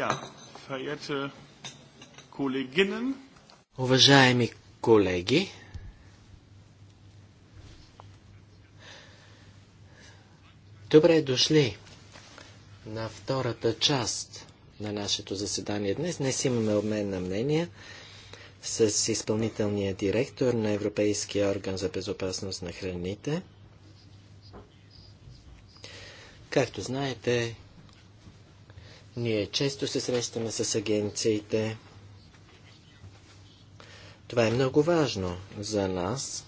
Ja, verehrte Kolleginnen. Уважаеми колеги, добре дошли на втората част на нашето заседание днес. Днес имаме обмен на мнения с изпълнителния директор на Европейския орган за безопасност на храните. Както знаете, ние често се срещаме с агенциите. Това е много важно за нас.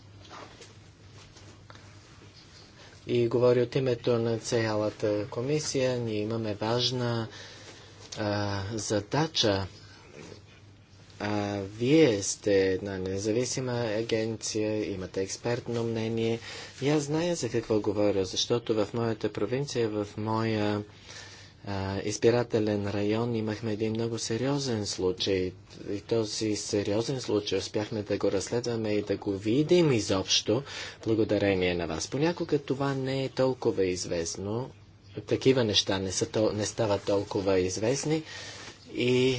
И говори от името на цялата комисия. Ние имаме важна а, задача. А, вие сте една независима агенция, имате експертно мнение. И аз зная за какво говоря, защото в моята провинция, в моя избирателен район имахме един много сериозен случай. И този сериозен случай успяхме да го разследваме и да го видим изобщо, благодарение на вас. Понякога това не е толкова известно. Такива неща не, са, не стават толкова известни. И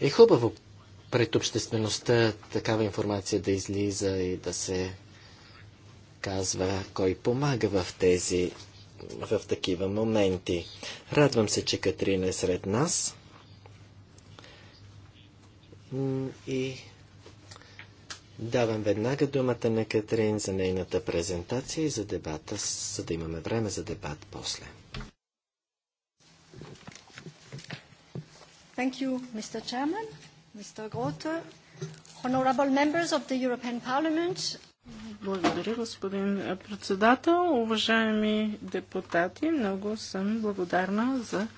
е хубаво пред обществеността такава информация да излиза и да се казва кой помага в тези в такива моменти. Радвам се, че Катрина е сред нас. И давам веднага думата на Катрин за нейната презентация и за дебата, за да имаме време за дебат после. Thank you, Mr. Chairman, Mr. Grote, honorable members of the European Parliament, благодаря, господин председател. Уважаеми депутати, много съм благодарна за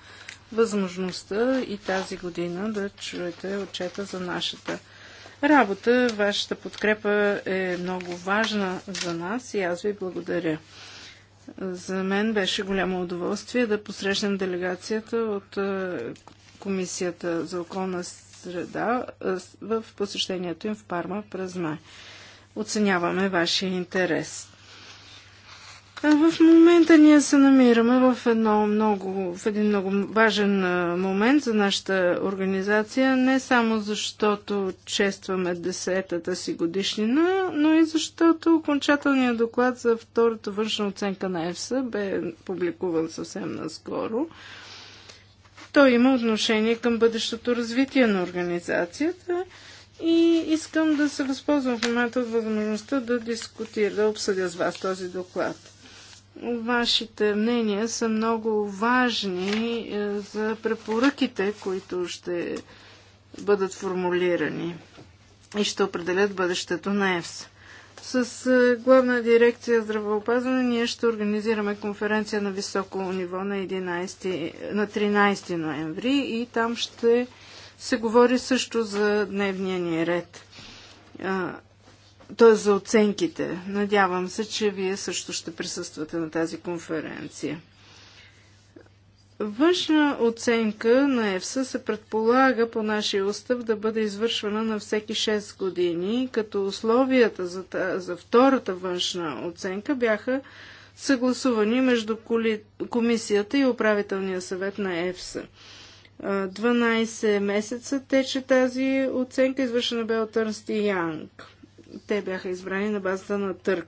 възможността и тази година да чуете отчета за нашата работа. Вашата подкрепа е много важна за нас и аз ви благодаря. За мен беше голямо удоволствие да посрещнем делегацията от е, Комисията за околна среда е, в посещението им в Парма през май оценяваме вашия интерес. В момента ние се намираме в, едно много, в един много важен момент за нашата организация, не само защото честваме десетата си годишнина, но и защото окончателният доклад за втората външна оценка на ЕФСА бе публикуван съвсем наскоро. Той има отношение към бъдещото развитие на организацията и искам да се възползвам в момента от възможността да дискутира, да обсъдя с вас този доклад. Вашите мнения са много важни е, за препоръките, които ще бъдат формулирани и ще определят бъдещето на ЕВС. С е, главна дирекция здравеопазване ние ще организираме конференция на високо ниво на, 11, на 13 ноември и там ще се говори също за дневния ни ред. Т.е. за оценките. Надявам се, че вие също ще присъствате на тази конференция. Външна оценка на ЕФСА се предполага по нашия устав да бъде извършвана на всеки 6 години, като условията за, та, за втората външна оценка бяха съгласувани между коли, комисията и управителния съвет на ЕФСА. 12 месеца тече тази оценка, извършена бе от Търнст и Янг. Те бяха избрани на базата на търк.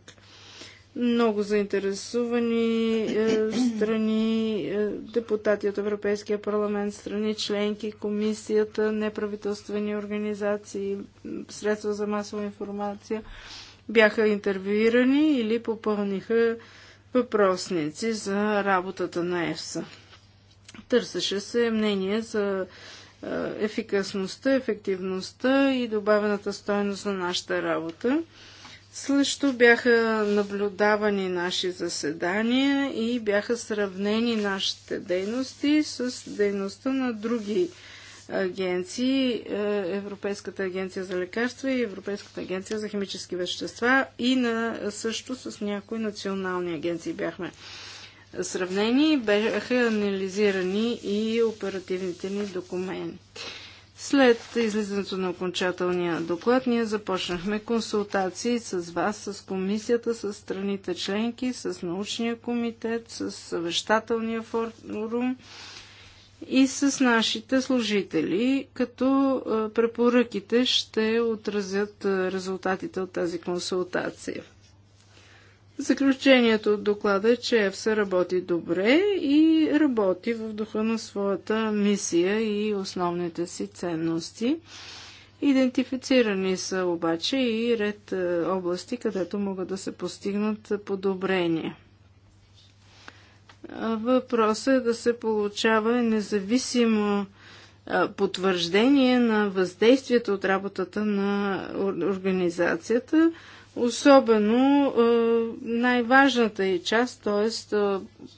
Много заинтересувани е, страни, е, депутати от Европейския парламент, страни, членки, комисията, неправителствени организации, средства за масова информация бяха интервюирани или попълниха въпросници за работата на ЕФСА. Търсеше се мнение за ефикасността, ефективността и добавената стойност на нашата работа. Също бяха наблюдавани наши заседания и бяха сравнени нашите дейности с дейността на други агенции, е, Европейската агенция за лекарства и Европейската агенция за химически вещества и на, също с някои национални агенции бяхме сравнени, бяха анализирани и оперативните ни документи. След излизането на окончателния доклад, ние започнахме консултации с вас, с комисията, с страните членки, с научния комитет, с съвещателния форум и с нашите служители, като препоръките ще отразят резултатите от тази консултация. Заключението от доклада е, че ЕФСА работи добре и работи в духа на своята мисия и основните си ценности. Идентифицирани са обаче и ред е, области, където могат да се постигнат подобрения. Въпросът е да се получава независимо е, потвърждение на въздействието от работата на организацията – особено най-важната и е част, т.е.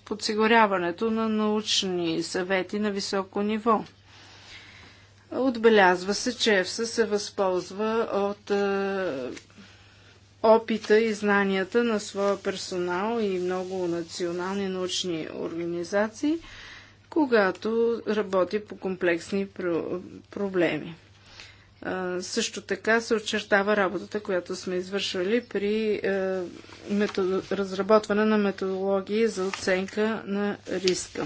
подсигуряването на научни съвети на високо ниво. Отбелязва се, че ЕФСА се възползва от опита и знанията на своя персонал и много национални научни организации, когато работи по комплексни проблеми. Също така се очертава работата, която сме извършвали при е, метод... разработване на методологии за оценка на риска.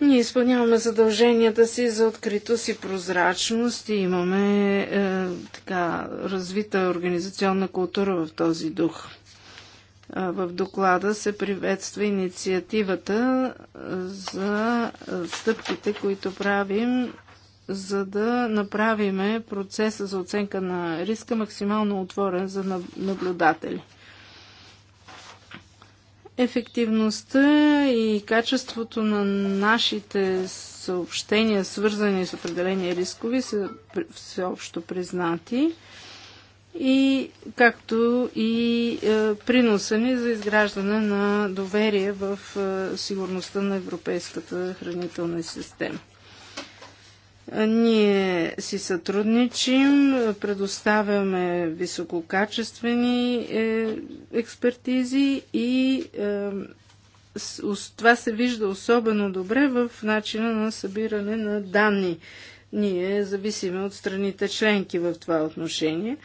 Ние изпълняваме задълженията си за откритост и прозрачност и имаме е, така развита организационна култура в този дух. Е, в доклада се приветства инициативата е, за стъпките, които правим за да направим процеса за оценка на риска максимално отворен за наблюдатели. Ефективността и качеството на нашите съобщения, свързани с определени рискови, са всеобщо признати и както и е, приноса ни за изграждане на доверие в е, сигурността на европейската хранителна система. Ние си сътрудничим, предоставяме висококачествени е, експертизи и е, това се вижда особено добре в начина на събиране на данни. Ние зависиме от страните членки в това отношение.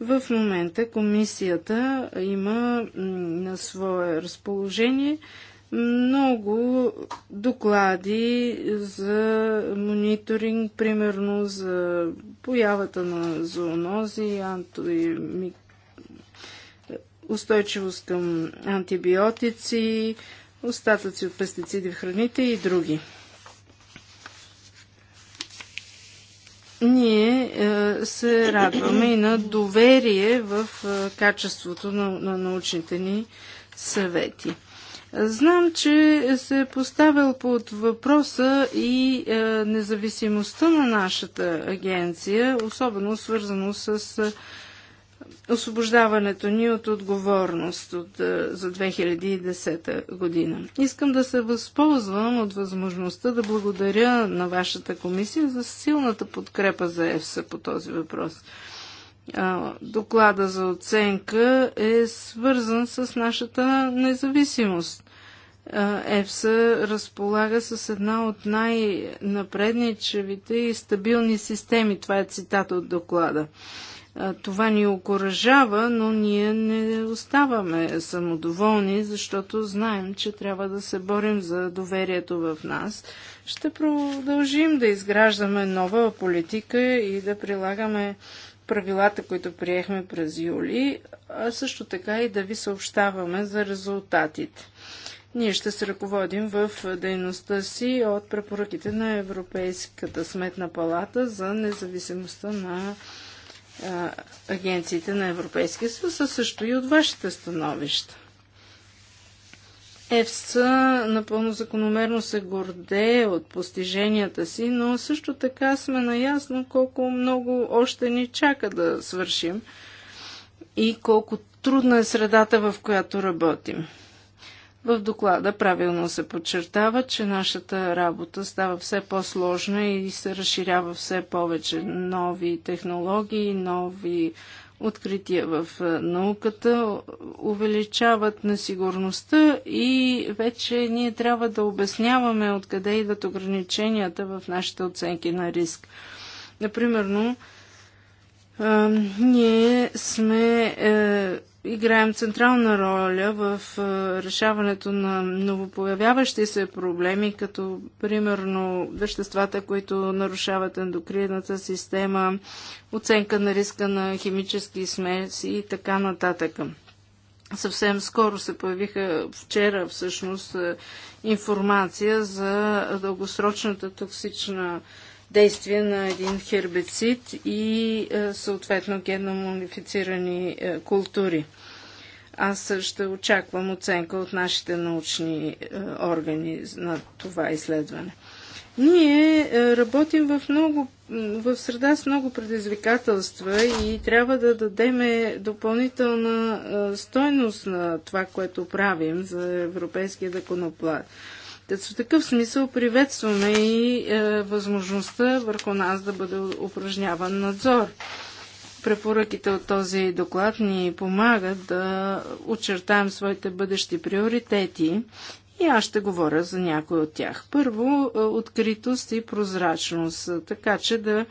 В момента комисията има на свое разположение много доклади за мониторинг, примерно за появата на зоонози, устойчивост към антибиотици, остатъци от пестициди в храните и други. ние е, се радваме и на доверие в е, качеството на, на научните ни съвети. Знам, че се е поставил под въпроса и е, независимостта на нашата агенция, особено свързано с е, освобождаването ни от отговорност от, е, за 2010 година. Искам да се възползвам от възможността да благодаря на вашата комисия за силната подкрепа за ЕФСА по този въпрос доклада за оценка е свързан с нашата независимост. ЕФСА разполага с една от най-напредничевите и стабилни системи. Това е цитата от доклада. Това ни окоръжава, но ние не оставаме самодоволни, защото знаем, че трябва да се борим за доверието в нас. Ще продължим да изграждаме нова политика и да прилагаме правилата, които приехме през юли, а също така и да ви съобщаваме за резултатите. Ние ще се ръководим в дейността си от препоръките на Европейската сметна палата за независимостта на а, агенциите на Европейския съюз, а също и от вашите становища. ЕФСА напълно закономерно се гордее от постиженията си, но също така сме наясно колко много още ни чака да свършим и колко трудна е средата, в която работим. В доклада правилно се подчертава, че нашата работа става все по-сложна и се разширява все повече нови технологии, нови открития в науката увеличават несигурността и вече ние трябва да обясняваме откъде идват ограниченията в нашите оценки на риск. Например, ние сме е, играем централна роля в е, решаването на новопоявяващи се проблеми, като примерно веществата, които нарушават ендокринната система, оценка на риска на химически смеси и така нататък. Съвсем скоро се появиха вчера всъщност е, информация за дългосрочната токсична действие на един хербицид и е, съответно генномодифицирани е, култури. Аз ще очаквам оценка от нашите научни е, органи на това изследване. Ние работим в, много, в среда с много предизвикателства и трябва да дадем допълнителна стойност на това, което правим за европейския законоплат в такъв смисъл приветстваме и е, възможността върху нас да бъде упражняван надзор. Препоръките от този доклад ни помагат да очертаем своите бъдещи приоритети и аз ще говоря за някои от тях. Първо, е, откритост и прозрачност, така че да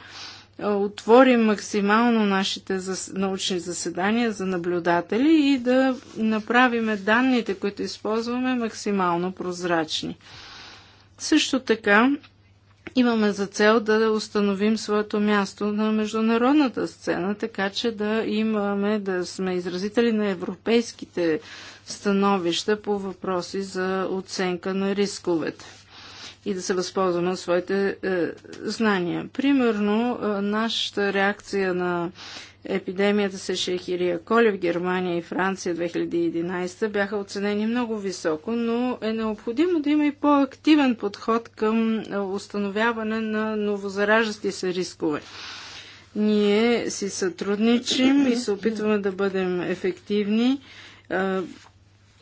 отворим максимално нашите научни заседания за наблюдатели и да направим данните, които използваме, максимално прозрачни. Също така имаме за цел да установим своето място на международната сцена, така че да имаме, да сме изразители на европейските становища по въпроси за оценка на рисковете и да се възползваме от своите е, знания. Примерно, е, нашата реакция на епидемията с Шехирия Коли в Германия и Франция 2011 бяха оценени много високо, но е необходимо да има и по-активен подход към е, установяване на новозаражащи се рискове. Ние си сътрудничим и се опитваме да бъдем ефективни е,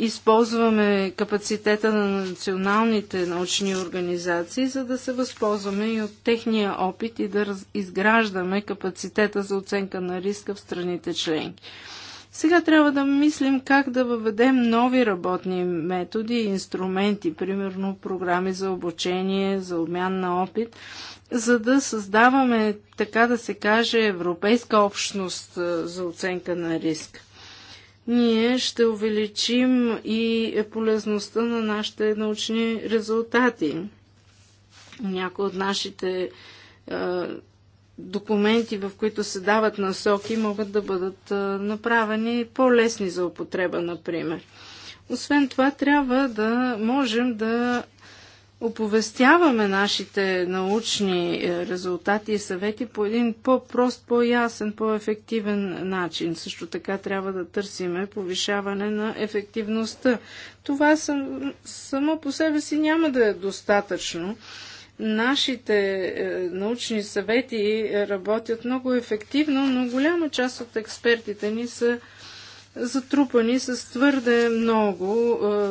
използваме капацитета на националните научни организации, за да се възползваме и от техния опит и да изграждаме капацитета за оценка на риска в страните членки. Сега трябва да мислим как да въведем нови работни методи и инструменти, примерно програми за обучение, за обмян на опит, за да създаваме, така да се каже, европейска общност за оценка на риска ние ще увеличим и полезността на нашите научни резултати. Някои от нашите е, документи, в които се дават насоки, могат да бъдат е, направени по-лесни за употреба, например. Освен това, трябва да можем да оповестяваме нашите научни е, резултати и съвети по един по-прост, по-ясен, по-ефективен начин. Също така трябва да търсиме повишаване на ефективността. Това съм, само по себе си няма да е достатъчно. Нашите е, научни съвети работят много ефективно, но голяма част от експертите ни са затрупани с твърде много е,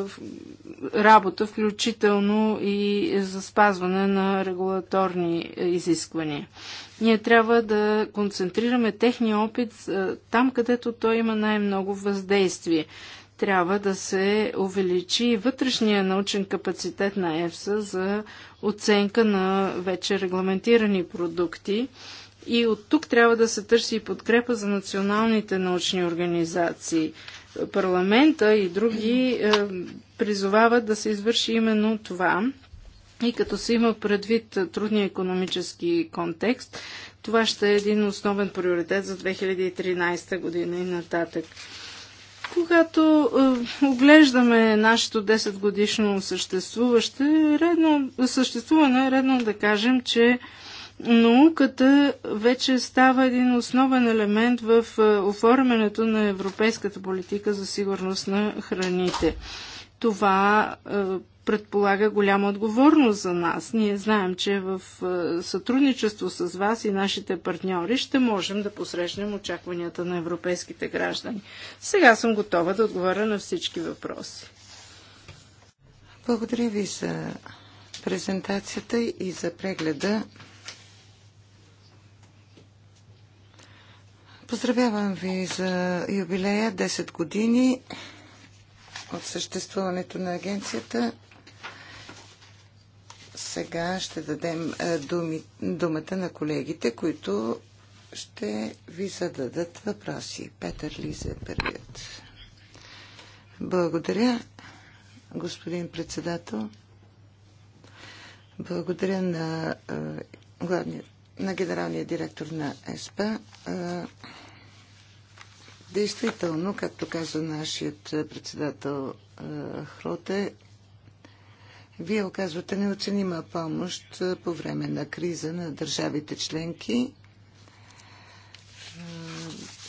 работа, включително и за спазване на регулаторни изисквания. Ние трябва да концентрираме техния опит е, там, където той има най-много въздействие. Трябва да се увеличи вътрешния научен капацитет на ЕФСА за оценка на вече регламентирани продукти и от тук трябва да се търси и подкрепа за националните научни организации. Парламента и други е, призовават да се извърши именно това. И като се има предвид трудния економически контекст, това ще е един основен приоритет за 2013 година и нататък. Когато е, оглеждаме нашето 10 годишно съществуваще, редно, съществуване, редно да кажем, че науката вече става един основен елемент в е, оформянето на европейската политика за сигурност на храните. Това е, предполага голяма отговорност за нас. Ние знаем, че в е, сътрудничество с вас и нашите партньори ще можем да посрещнем очакванията на европейските граждани. Сега съм готова да отговоря на всички въпроси. Благодаря ви за презентацията и за прегледа Поздравявам ви за юбилея 10 години от съществуването на агенцията. Сега ще дадем е, думи, думата на колегите, които ще ви зададат въпроси. Петър Лизе, е първият. Благодаря, господин председател. Благодаря на, е, на генералния директор на ЕСПА. Действително, както каза нашият е, председател е, Хроте, вие оказвате неоценима помощ е, по време на криза на държавите членки.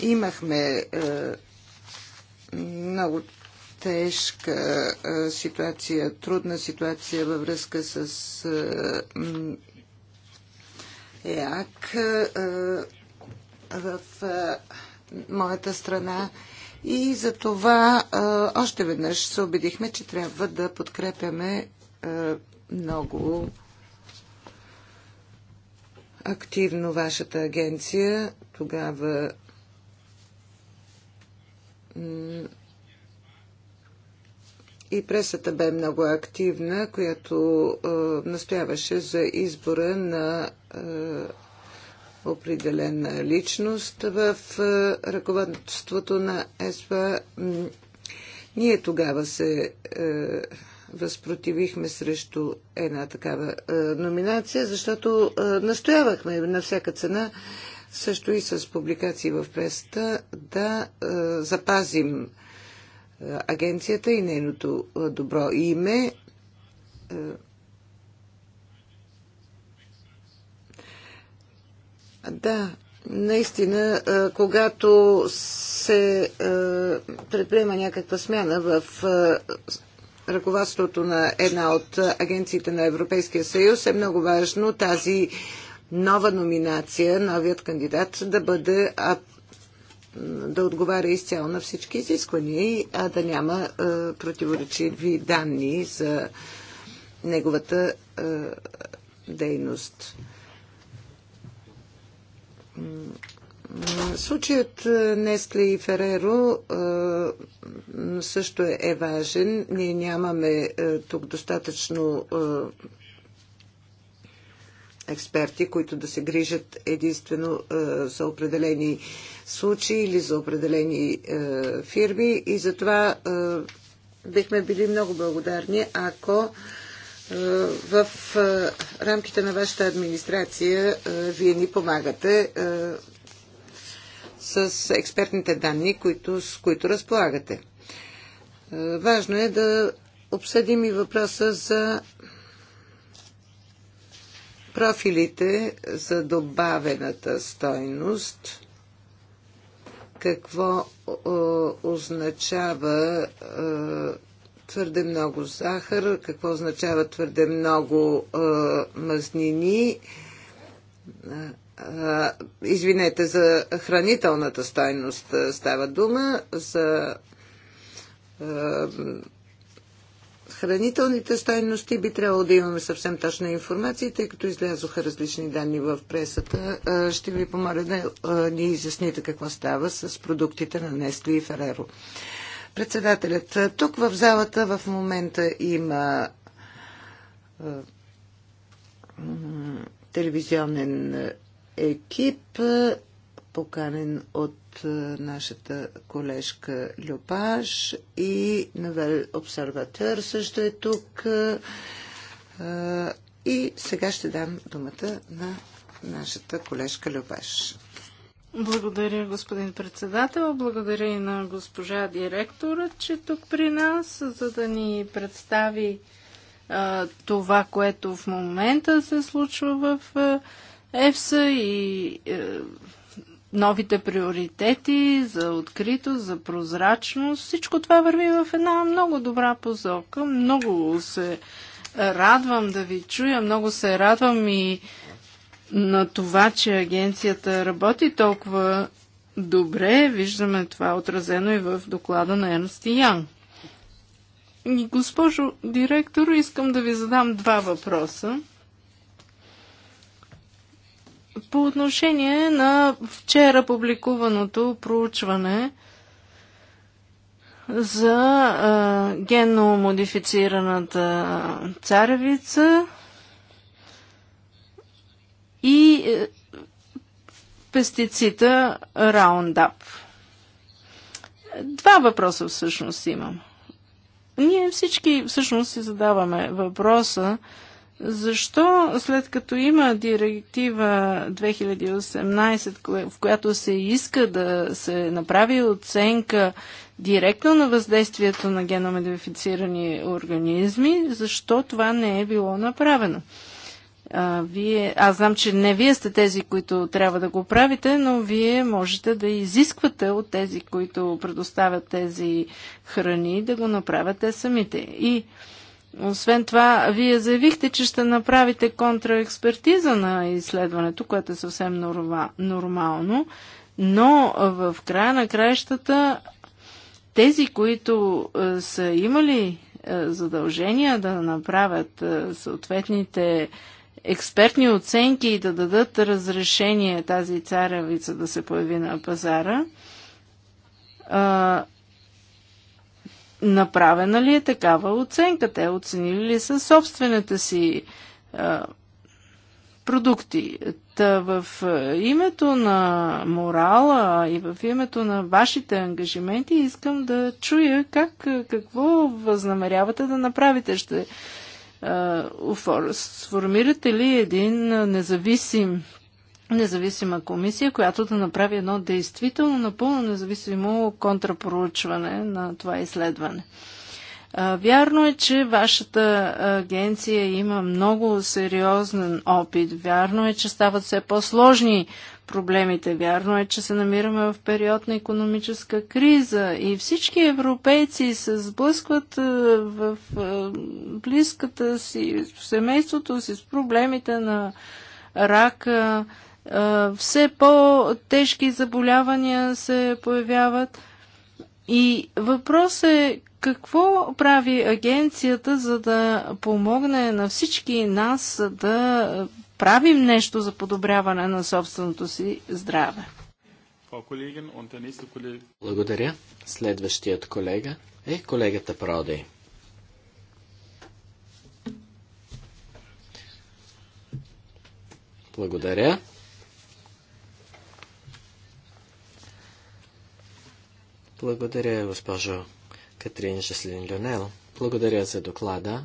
Имахме много тежка ситуация, трудна ситуация във връзка с ЕАК в моята страна. И за това още веднъж се убедихме, че трябва да подкрепяме много активно вашата агенция. Тогава и пресата бе много активна, която настояваше за избора на определена личност в ръководството на ЕСПА. Ние тогава се възпротивихме срещу една такава номинация, защото настоявахме на всяка цена също и с публикации в пресата да запазим агенцията и нейното добро име Да, наистина, когато се предприема някаква смяна в ръководството на една от агенциите на Европейския съюз, е много важно тази нова номинация, новият кандидат да бъде да отговаря изцяло на всички изисквания, а да няма противоречиви данни за неговата дейност. Случаят е, Нескле и Фереро е, също е важен. Ние нямаме е, тук достатъчно експерти, които да се грижат единствено за определени случаи или за определени фирми и затова бихме били много благодарни, ако в рамките на вашата администрация вие ни помагате с експертните данни, които, с които разполагате. Важно е да обсъдим и въпроса за профилите за добавената стойност. Какво означава твърде много захар, какво означава твърде много а, мазнини. А, извинете, за хранителната стойност става дума, за а, хранителните стойности би трябвало да имаме съвсем точна информация, тъй като излязоха различни данни в пресата. Ще ви помоля да ни изясните какво става с продуктите на Нестли и Фереро. Председателят, тук в залата в момента има телевизионен екип, поканен от нашата колежка Люпаш и Новел Обсерватор също е тук. И сега ще дам думата на нашата колежка Любаш. Благодаря, господин председател. Благодаря и на госпожа директора, че тук при нас, за да ни представи а, това, което в момента се случва в ЕФСА и а, новите приоритети за откритост, за прозрачност. Всичко това върви в една много добра позока. Много се радвам да ви чуя, много се радвам и на това, че агенцията работи толкова добре, виждаме това отразено и в доклада на Ернст Ян. И госпожо директор, искам да ви задам два въпроса. По отношение на вчера публикуваното проучване за а, генно модифицираната царевица, и е, пестицида Roundup. Два въпроса всъщност имам. Ние всички всъщност си задаваме въпроса защо след като има директива 2018, в която се иска да се направи оценка директно на въздействието на геномодифицирани организми, защо това не е било направено? А, вие, аз знам, че не вие сте тези, които трябва да го правите, но вие можете да изисквате от тези, които предоставят тези храни, да го направят те самите. И освен това, вие заявихте, че ще направите контраекспертиза на изследването, което е съвсем норма, нормално, но в края на краищата тези, които е, са имали е, задължения да направят е, съответните експертни оценки и да дадат разрешение тази царевица да се появи на пазара. направена ли е такава оценка? Те оценили ли са собствените си продукти? Та в името на морала и в името на вашите ангажименти искам да чуя как, какво възнамерявате да направите. Ще сформирате ли един независим независима комисия, която да направи едно действително напълно независимо контрапроучване на това изследване. Вярно е, че вашата агенция има много сериозен опит. Вярно е, че стават все по-сложни проблемите. Вярно е, че се намираме в период на економическа криза и всички европейци се сблъскват е, в е, близката си, в семейството си с проблемите на рака. Е, все по-тежки заболявания се появяват. И въпрос е какво прави агенцията, за да помогне на всички нас да Правим нещо за подобряване на собственото си здраве. Благодаря. Следващият колега е колегата Проди. Благодаря. Благодаря, госпожо Катрин Жаслин Люнел. Благодаря за доклада.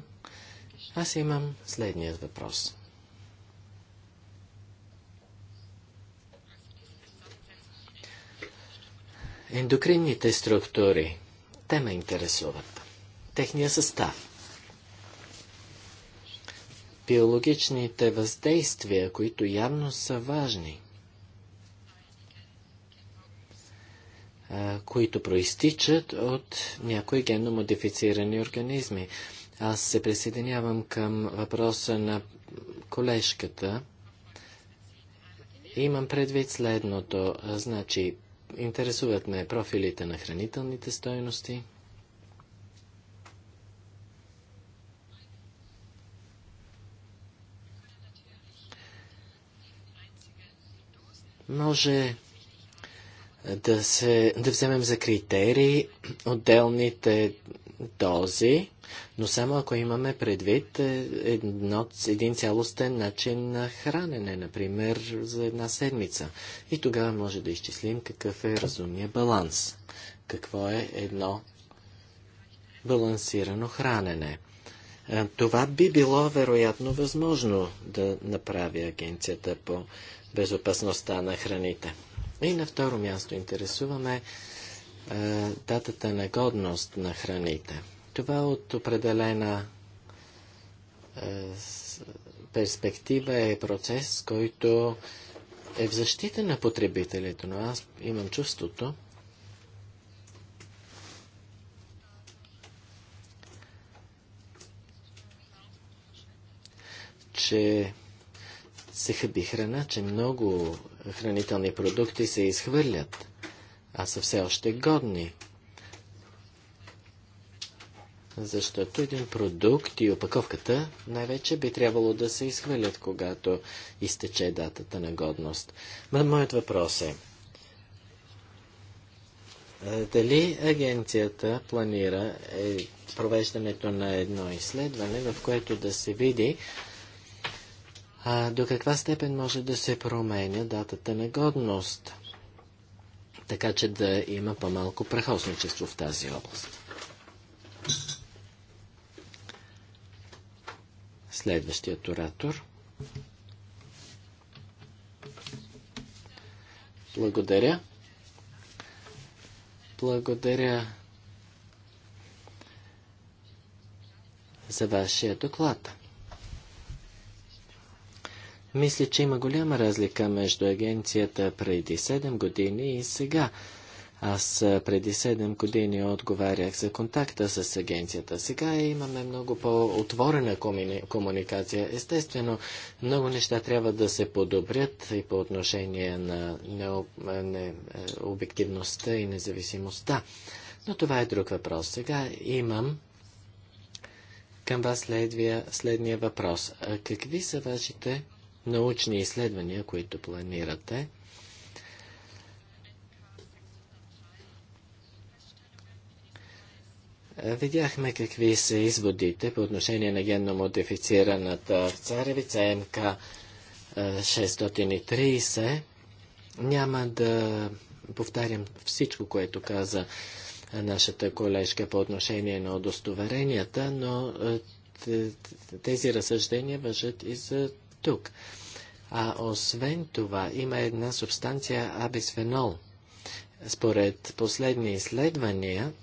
Аз имам следният въпрос. Ендокринните структури. Те ме интересуват. Техния състав. Биологичните въздействия, които явно са важни, които проистичат от някои генно модифицирани организми. Аз се присъединявам към въпроса на колежката. Имам предвид следното. Значи, Интересуват ме профилите на хранителните стоености. Може е, да, се, да вземем за критерии отделните дози, но само ако имаме предвид е, едно, един цялостен начин на хранене, например за една седмица. И тогава може да изчислим какъв е разумният баланс. Какво е едно балансирано хранене. Е, това би било вероятно възможно да направи агенцията по безопасността на храните. И на второ място интересуваме е, датата на годност на храните. Това е от определена е, перспектива е процес, който е в защита на потребителите, но аз имам чувството, че се хъби храна, че много хранителни продукти се изхвърлят а са все още годни. Защото един продукт и опаковката най-вече би трябвало да се изхвърлят, когато изтече датата на годност. Моят въпрос е, дали агенцията планира е, провеждането на едно изследване, в което да се види а, до каква степен може да се променя датата на годност? така че да има по-малко прахосничество в тази област. Следващият оратор. Благодаря. Благодаря за вашия доклад. Мисля, че има голяма разлика между агенцията преди 7 години и сега. Аз преди 7 години отговарях за контакта с агенцията. Сега имаме много по-отворена комуни... комуникация. Естествено, много неща трябва да се подобрят и по отношение на не... Е, обективността и независимостта. Но това е друг въпрос. Сега имам към вас следния въпрос. Какви са вашите научни изследвания, които планирате. Видяхме какви са изводите по отношение на генно модифицираната царевица МК 630. Няма да повтарям всичко, което каза нашата колежка по отношение на удостоверенията, но тези разсъждения въжат и за тук. А освен това, има една субстанция абисфенол. Според последни изследвания,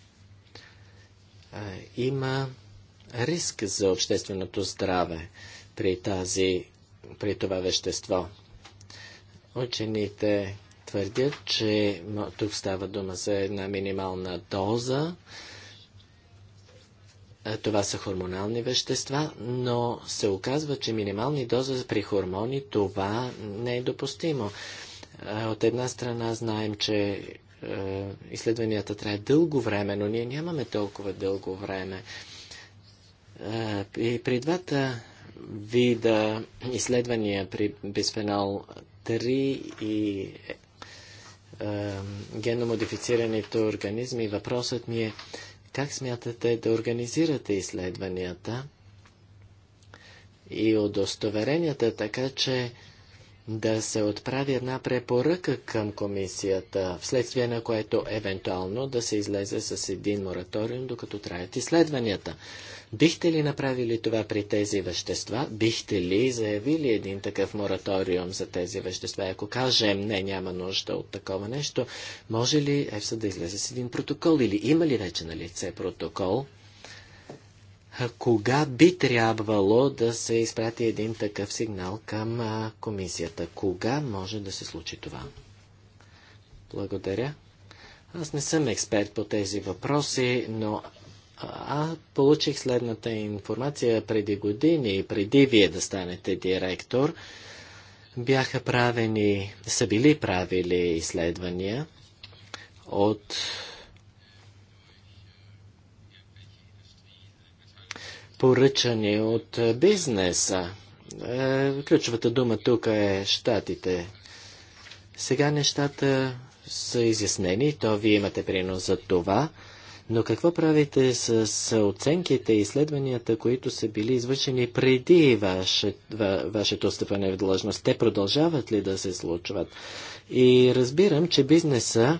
има риск за общественото здраве при, тази, при това вещество. Учените твърдят, че тук става дума за една минимална доза, е, това са хормонални вещества, но се оказва, че минимални доза при хормони това не е допустимо. Е, от една страна знаем, че е, изследванията трябва дълго време, но ние нямаме толкова дълго време. и при двата вида изследвания при бисфенол 3 и геномодифицираните организми, въпросът ми е как смятате да организирате изследванията и удостоверенията, така че да се отправи една препоръка към комисията, вследствие на което евентуално да се излезе с един мораториум, докато траят изследванията. Бихте ли направили това при тези вещества? Бихте ли заявили един такъв мораториум за тези вещества? Ако кажем не, няма нужда от такова нещо, може ли ЕФСА да излезе с един протокол или има ли вече на лице протокол? Кога би трябвало да се изпрати един такъв сигнал към а, комисията? Кога може да се случи това? Благодаря. Аз не съм експерт по тези въпроси, но а получих следната информация преди години, преди вие да станете директор. Бяха правени, са били правили изследвания от поръчани от бизнеса. Е, ключовата дума тук е щатите. Сега нещата са изяснени, то вие имате принос за това. Но какво правите с, оценките и изследванията, които са били извършени преди ваше, ва, вашето стъпване в длъжност? Те продължават ли да се случват? И разбирам, че бизнеса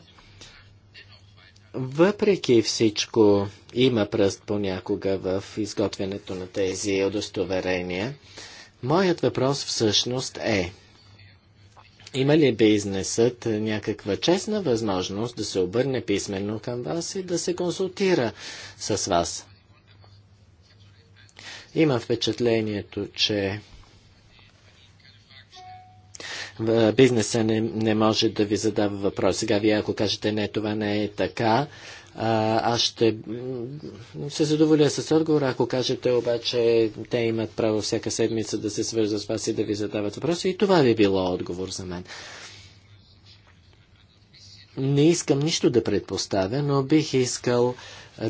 въпреки всичко има пръст понякога в изготвянето на тези удостоверения. Моят въпрос всъщност е – има ли бизнесът някаква честна възможност да се обърне писменно към вас и да се консултира с вас? Има впечатлението, че бизнеса не, не може да ви задава въпрос. Сега вие ако кажете не, това не е така, а, аз ще се задоволя с отговора, ако кажете обаче, те имат право всяка седмица да се свързват с вас и да ви задават въпроси и това би било отговор за мен. Не искам нищо да предпоставя, но бих искал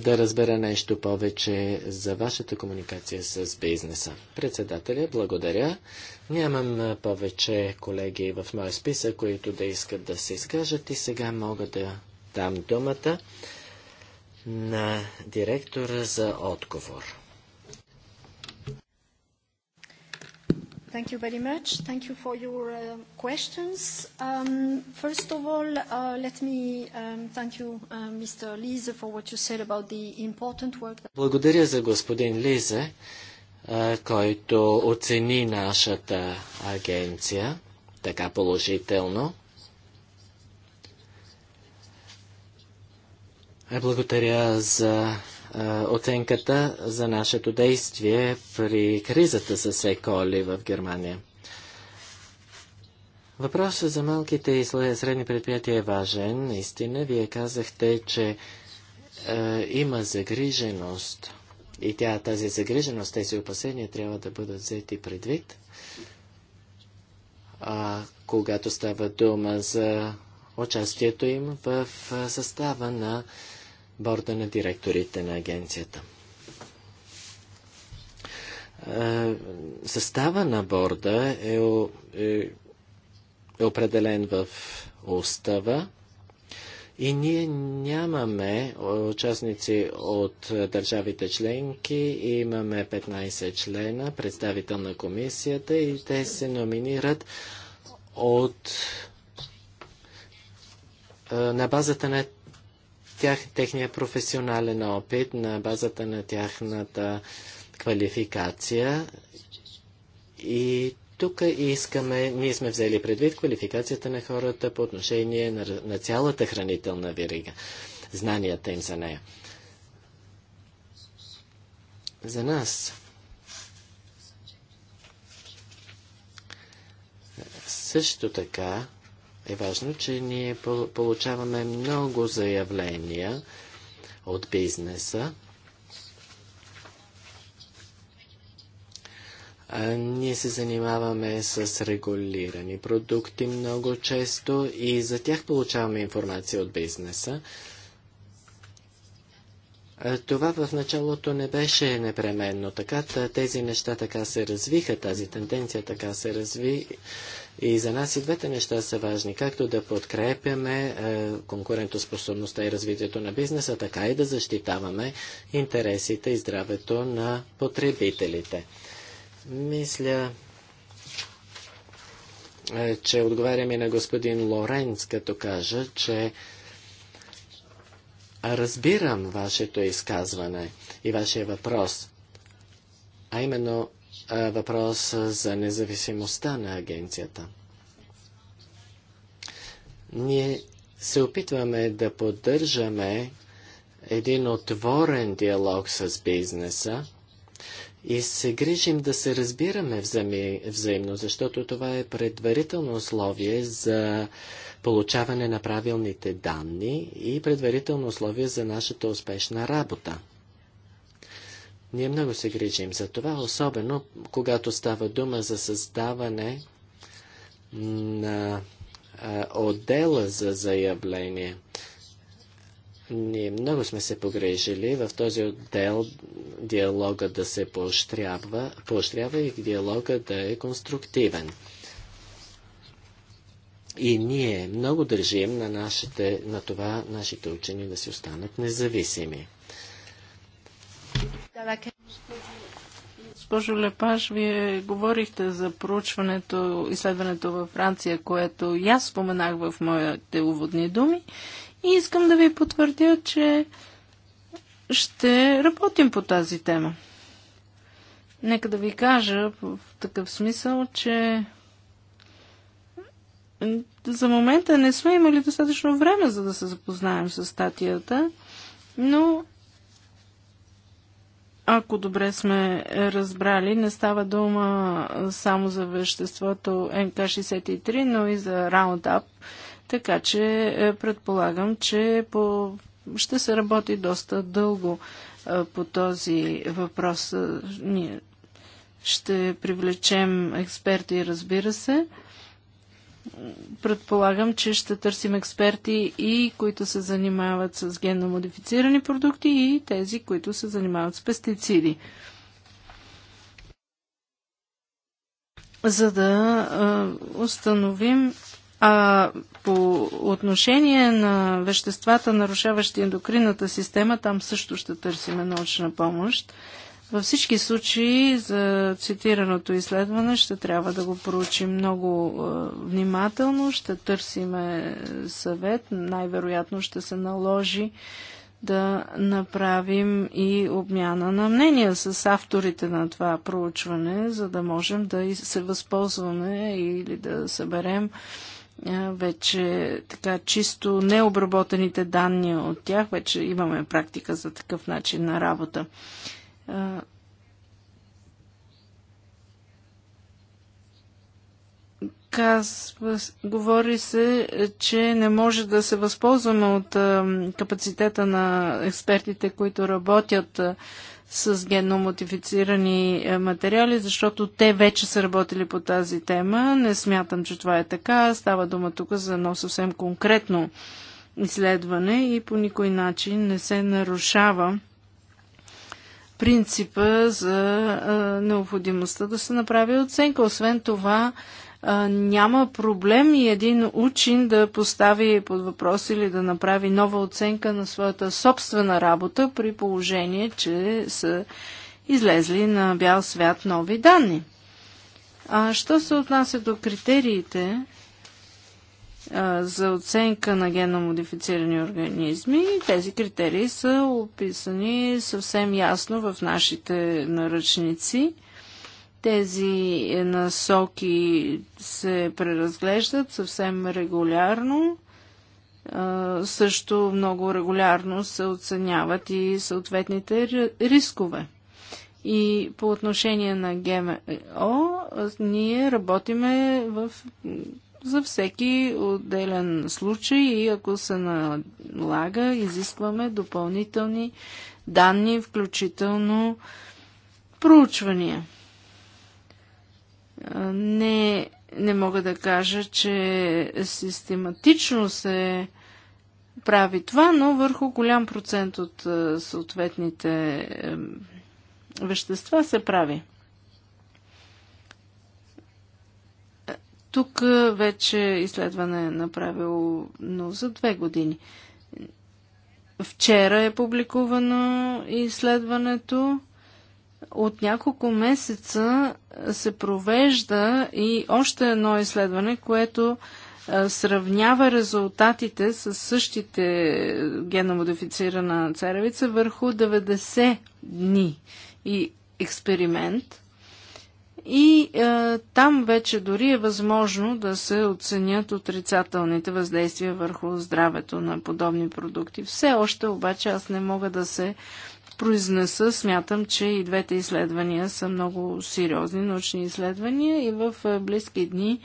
да разбера нещо повече за вашата комуникация с бизнеса. Председателя, благодаря. Нямам повече колеги в моя списък, които да искат да се изкажат и сега мога да дам думата на директора за отговор. Thank you very much. Thank you for your uh, questions. Um, first of all, uh, let me um, thank you, uh, Mr. Lise, for what you said about the important work. That... Благодаря за господин Лизе, uh, който оцени нашата агенция така положително. Е, благодаря за оценката за нашето действие при кризата с Еколи в Германия. Въпросът за малките и средни предприятия е важен. Наистина, вие казахте, че е, има загриженост и тя, тази загриженост, тези опасения трябва да бъдат взети предвид. А, когато става дума за участието им в състава на борда на директорите на агенцията. Състава на борда е, е, е определен в устава и ние нямаме участници от държавите членки, имаме 15 члена, представител на комисията и те се номинират от на базата на тях, техния професионален опит, на базата на тяхната квалификация. И тук искаме, ние сме взели предвид квалификацията на хората по отношение на, на цялата хранителна верига, знанията им за нея. За нас също така е важно, че ние получаваме много заявления от бизнеса. А, ние се занимаваме с регулирани продукти много често и за тях получаваме информация от бизнеса. това в началото не беше непременно така. Тези неща така се развиха, тази тенденция така се разви и за нас и двете неща са важни, както да подкрепяме е, конкурентоспособността и развитието на бизнеса, така и да защитаваме интересите и здравето на потребителите. Мисля, е, че отговарям и на господин Лоренц, като кажа, че разбирам вашето изказване и вашия въпрос, а именно въпрос за независимостта на агенцията. Ние се опитваме да поддържаме един отворен диалог с бизнеса и се грижим да се разбираме взаимно, защото това е предварително условие за получаване на правилните данни и предварително условие за нашата успешна работа. Ние много се грижим за това, особено когато става дума за създаване на а, отдела за заявление. Ние много сме се погрежили в този отдел диалога да се поощрява, поощрява и диалога да е конструктивен. И ние много държим на, нашите, на това нашите учени да си останат независими. Госпожо Лепаш, вие говорихте за проучването, изследването във Франция, което и аз споменах в моите уводни думи. И искам да ви потвърдя, че ще работим по тази тема. Нека да ви кажа в такъв смисъл, че за момента не сме имали достатъчно време, за да се запознаем с статията, но ако добре сме разбрали, не става дума само за веществото НК-63, но и за Roundup, така че е, предполагам, че по... ще се работи доста дълго е, по този въпрос. Е, ние ще привлечем експерти, разбира се предполагам, че ще търсим експерти и които се занимават с генно модифицирани продукти и тези, които се занимават с пестициди. За да а, установим а по отношение на веществата, нарушаващи ендокринната система, там също ще търсим научна помощ. Във всички случаи за цитираното изследване ще трябва да го проучим много внимателно, ще търсиме е, съвет, най-вероятно ще се наложи да направим и обмяна на мнения с авторите на това проучване, за да можем да се възползваме или да съберем е, вече така чисто необработените данни от тях. Вече имаме практика за такъв начин на работа казва, говори се, че не може да се възползваме от капацитета на експертите, които работят с генно модифицирани материали, защото те вече са работили по тази тема. Не смятам, че това е така. Става дума тук за едно съвсем конкретно изследване и по никой начин не се нарушава принципа за а, необходимостта да се направи оценка. Освен това, а, няма проблем и един учин да постави под въпрос или да направи нова оценка на своята собствена работа при положение, че са излезли на бял свят нови данни. А що се отнася до критериите, за оценка на генномодифицирани организми. Тези критерии са описани съвсем ясно в нашите наръчници. Тези насоки се преразглеждат съвсем регулярно. Също много регулярно се оценяват и съответните рискове. И по отношение на ГМО, ние работиме в за всеки отделен случай и ако се налага, изискваме допълнителни данни, включително проучвания. Не, не мога да кажа, че систематично се прави това, но върху голям процент от съответните вещества се прави. Тук вече изследване е направило но за две години. Вчера е публикувано изследването. От няколко месеца се провежда и още едно изследване, което сравнява резултатите с същите геномодифицирана царевица върху 90 дни и експеримент. И е, там вече дори е възможно да се оценят отрицателните въздействия върху здравето на подобни продукти. Все още обаче аз не мога да се произнеса. Смятам, че и двете изследвания са много сериозни научни изследвания и в е, близки дни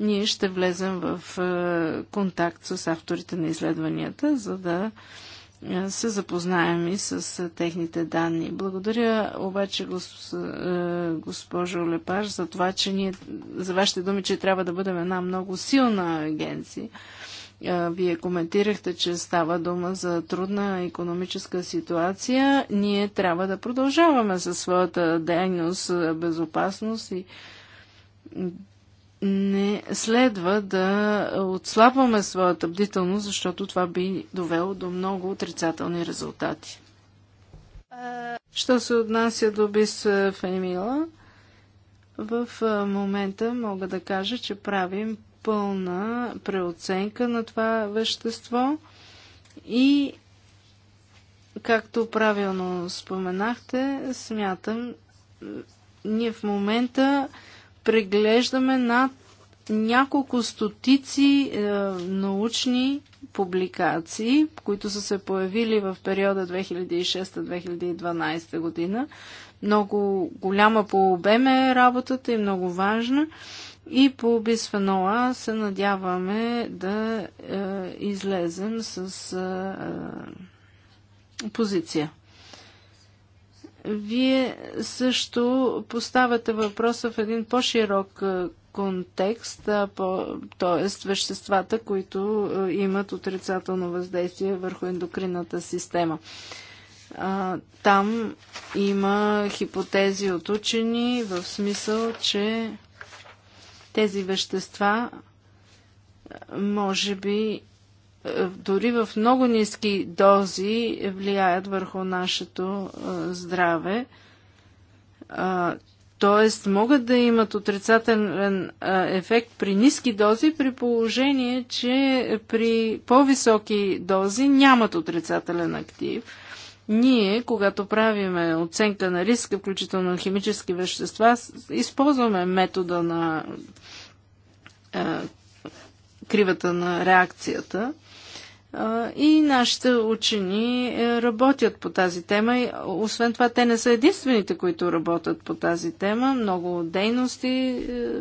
ние ще влезем в е, контакт с авторите на изследванията, за да е, се запознаем и с е, техните данни. Благодаря обаче, е, госпожо Лепаш, за това, че ние, за вашите думи, че трябва да бъдем една много силна агенция. Вие коментирахте, че става дума за трудна економическа ситуация. Ние трябва да продължаваме със своята дейност, безопасност и не следва да отслабваме своята бдителност, защото това би довело до много отрицателни резултати. Що се отнася до бис е, Фемила, в е, момента мога да кажа, че правим пълна преоценка на това вещество и както правилно споменахте, смятам, е, ние в момента преглеждаме над няколко стотици е, научни публикации, които са се появили в периода 2006-2012 година. Много голяма по обем е работата и много важна. И по бисфенола се надяваме да е, излезем с е, позиция. Вие също поставяте въпроса в един по-широк е, контекст, по, т.е. веществата, които е, имат отрицателно въздействие върху ендокринната система. А, там има хипотези от учени в смисъл, че тези вещества е, може би е, дори в много ниски дози влияят върху нашето е, здраве. Е, тоест могат да имат отрицателен ефект при ниски дози, при положение, че при по-високи дози нямат отрицателен актив. Ние, когато правиме оценка на риска, включително на химически вещества, използваме метода на кривата на реакцията. И нашите учени е, работят по тази тема. Освен това, те не са единствените, които работят по тази тема. Много дейности е, е,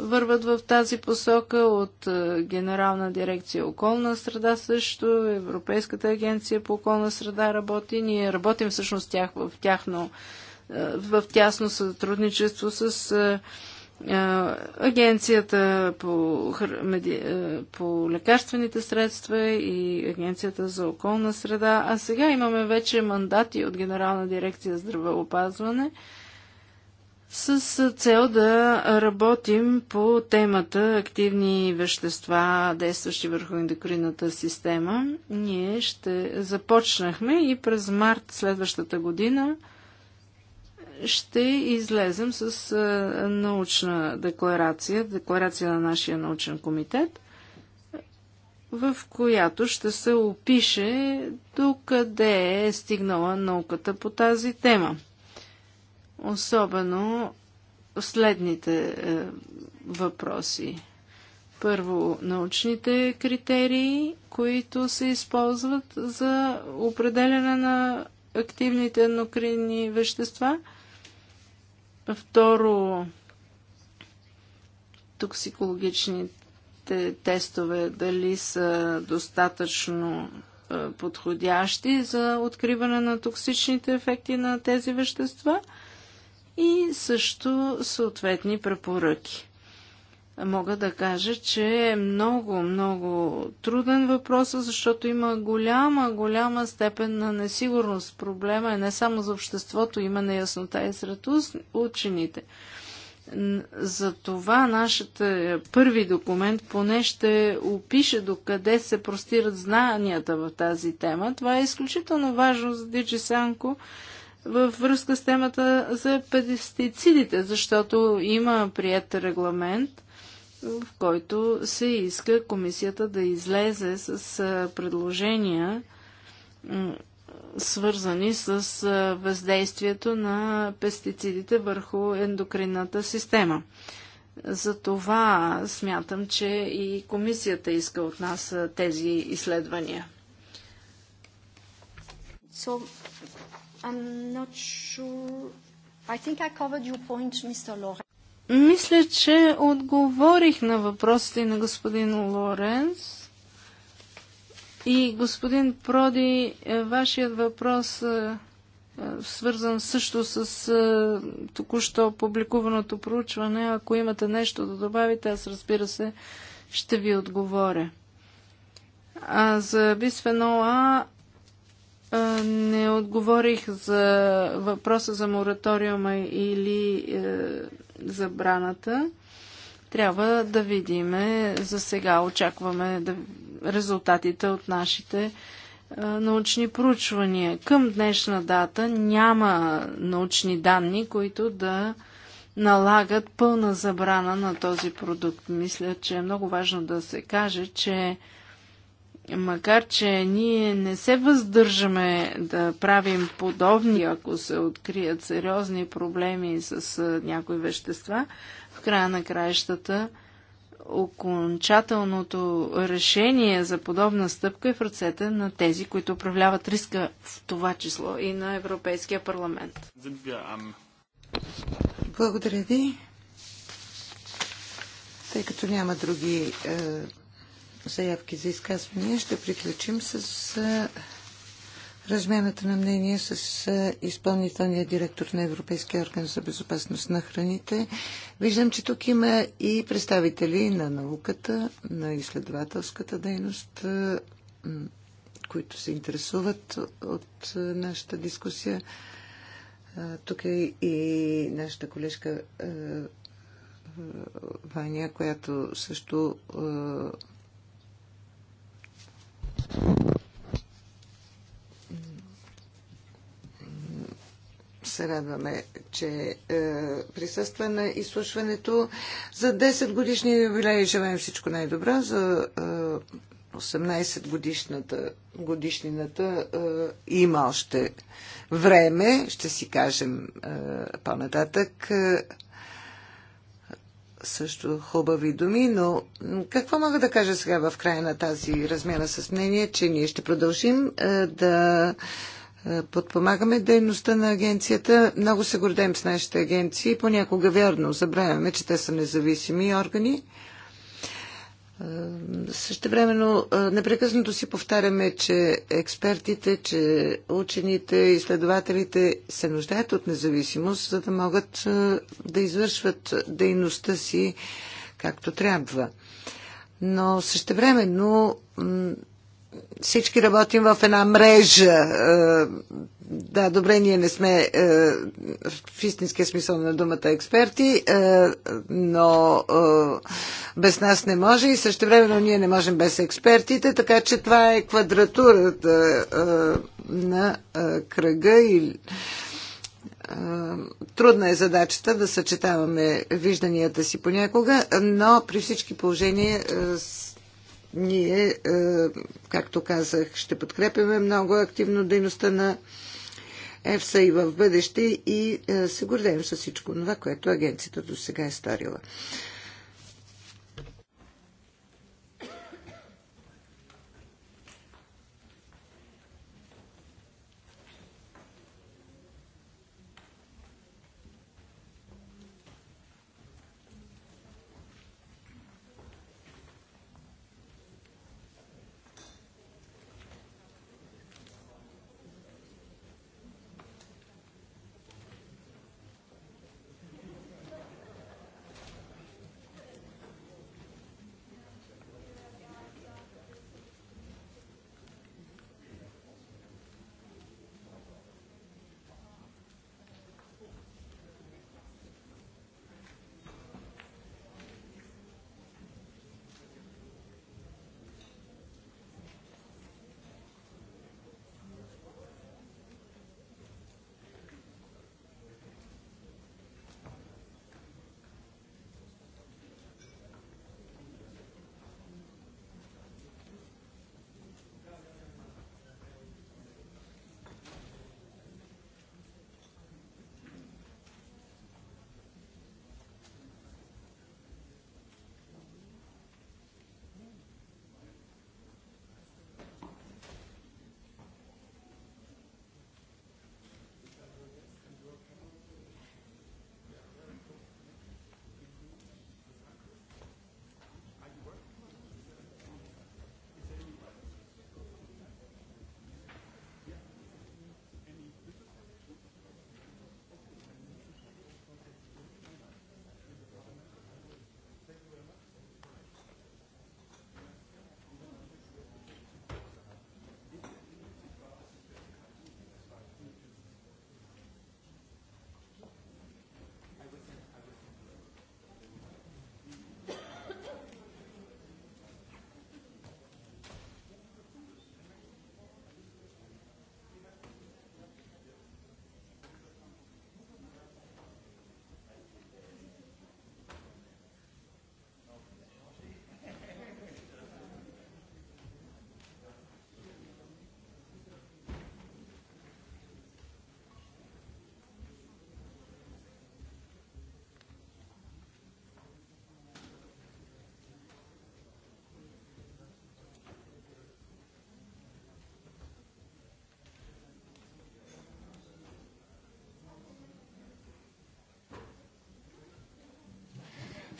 върват в тази посока от Генерална дирекция околна среда също, Европейската агенция по околна среда работи. Ние работим всъщност тях в, тяхно, в тясно сътрудничество с Агенцията по, меди... по лекарствените средства и Агенцията за околна среда. А сега имаме вече мандати от Генерална дирекция здравеопазване с цел да работим по темата активни вещества, действащи върху ендокринната система. Ние ще започнахме и през март следващата година ще излезем с научна декларация, декларация на нашия научен комитет, в която ще се опише докъде е стигнала науката по тази тема. Особено следните е, въпроси. Първо, научните критерии, които се използват за определяне на активните еднокринни вещества – Второ, токсикологичните тестове дали са достатъчно подходящи за откриване на токсичните ефекти на тези вещества и също съответни препоръки мога да кажа, че е много, много труден въпрос, защото има голяма, голяма степен на несигурност. Проблема е не само за обществото, има неяснота и сред учените. За това нашият е, първи документ поне ще опише до къде се простират знанията в тази тема. Това е изключително важно за Диджи Санко във връзка с темата за пестицидите, защото има прият регламент, в който се иска комисията да излезе с предложения, свързани с въздействието на пестицидите върху ендокринната система. Затова смятам, че и комисията иска от нас тези изследвания. So, I'm not sure. I think I covered your point, Mr. Lorenz. Мисля, че отговорих на въпросите на господин Лоренс и господин Проди, е, вашият въпрос е, е, свързан също с току-що публикуваното проучване. Ако имате нещо да добавите, аз разбира се ще ви отговоря. А за бисфенол А не отговорих за въпроса за мораториума или е, забраната. Трябва да видиме. За сега очакваме да, резултатите от нашите а, научни проучвания. Към днешна дата няма научни данни, които да налагат пълна забрана на този продукт. Мисля, че е много важно да се каже, че макар че ние не се въздържаме да правим подобни, ако се открият сериозни проблеми с някои вещества, в края на краищата окончателното решение за подобна стъпка е в ръцете на тези, които управляват риска в това число и на Европейския парламент. Благодаря ви. Тъй като няма други е, заявки за изказвания, ще приключим с размяната на мнение с изпълнителния директор на Европейския орган за безопасност на храните. Виждам, че тук има и представители на науката, на изследователската дейност, които се интересуват от нашата дискусия. Тук е и нашата колежка Ваня, която също се радваме, че е, присъства на изслушването. За 10 годишни юбилей желаем всичко най-добро. За е, 18 годишната, годишнината е, има още време, ще си кажем е, по-нататък. Е, също хубави думи, но какво мога да кажа сега в края на тази размяна с мнение, че ние ще продължим е, да е, подпомагаме дейността на агенцията. Много се гордем с нашите агенции. Понякога вярно забравяме, че те са независими органи времено непрекъснато си повтаряме, че експертите, че учените, изследователите се нуждаят от независимост, за да могат да извършват дейността си както трябва. Но същевременно всички работим в една мрежа. Е, да, добре, ние не сме е, в истинския смисъл на думата експерти, е, но без нас не може и също времено ние не можем без експертите, така че това е квадратурата на кръга и трудна е задачата да съчетаваме вижданията си понякога, но при всички положения с ние, е, както казах, ще подкрепяме много активно дейността на ЕФСА и в бъдеще и е, се гордеем с всичко това, което агенцията до сега е сторила.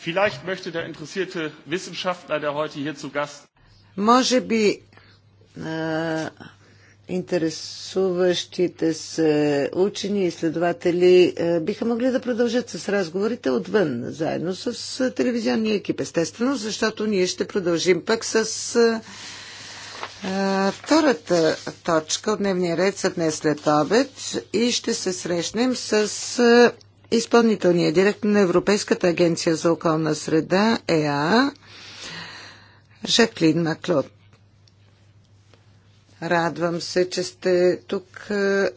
Vielleicht möchte der interessierte Wissenschaftler, der heute hier zu Gast Може би а, интересуващите се учени и изследователи а, биха могли да продължат с разговорите отвън, заедно с телевизионния екип, естествено, защото ние ще продължим пък с а, втората точка от дневния ред за днес след обед и ще се срещнем с. А, изпълнителния директор на Европейската агенция за околна среда ЕА Жаклин Маклот. Радвам се, че сте тук е, е,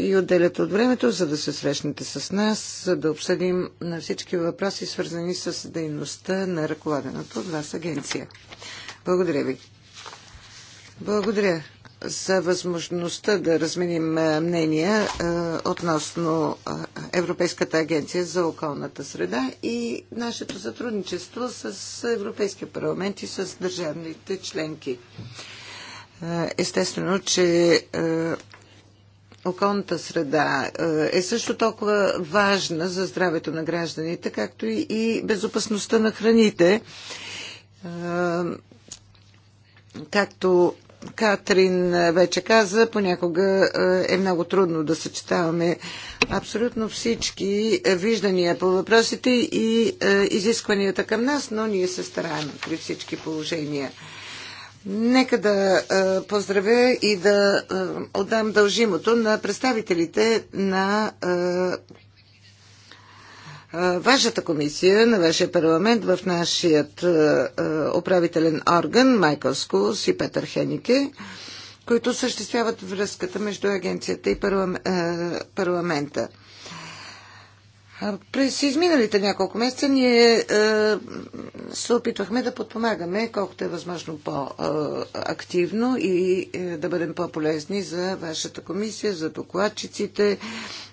и отделят от времето, за да се срещнете с нас, за да обсъдим на всички въпроси, свързани с дейността на ръководената от вас агенция. Благодаря ви. Благодаря, за възможността да разменим мнения относно Европейската агенция за околната среда и нашето сътрудничество с Европейския парламент и с държавните членки. Естествено, че околната среда е също толкова важна за здравето на гражданите, както и безопасността на храните както Катрин вече каза, понякога е много трудно да съчетаваме абсолютно всички виждания по въпросите и изискванията към нас, но ние се стараем при всички положения. Нека да поздравя и да отдам дължимото на представителите на вашата комисия, на вашия парламент, в нашият управителен орган, Майкъл Скулс и Петър Хенике, които съществяват връзката между агенцията и парламента. През изминалите няколко месеца ние е, се опитвахме да подпомагаме колкото е възможно по-активно и е, да бъдем по-полезни за вашата комисия, за докладчиците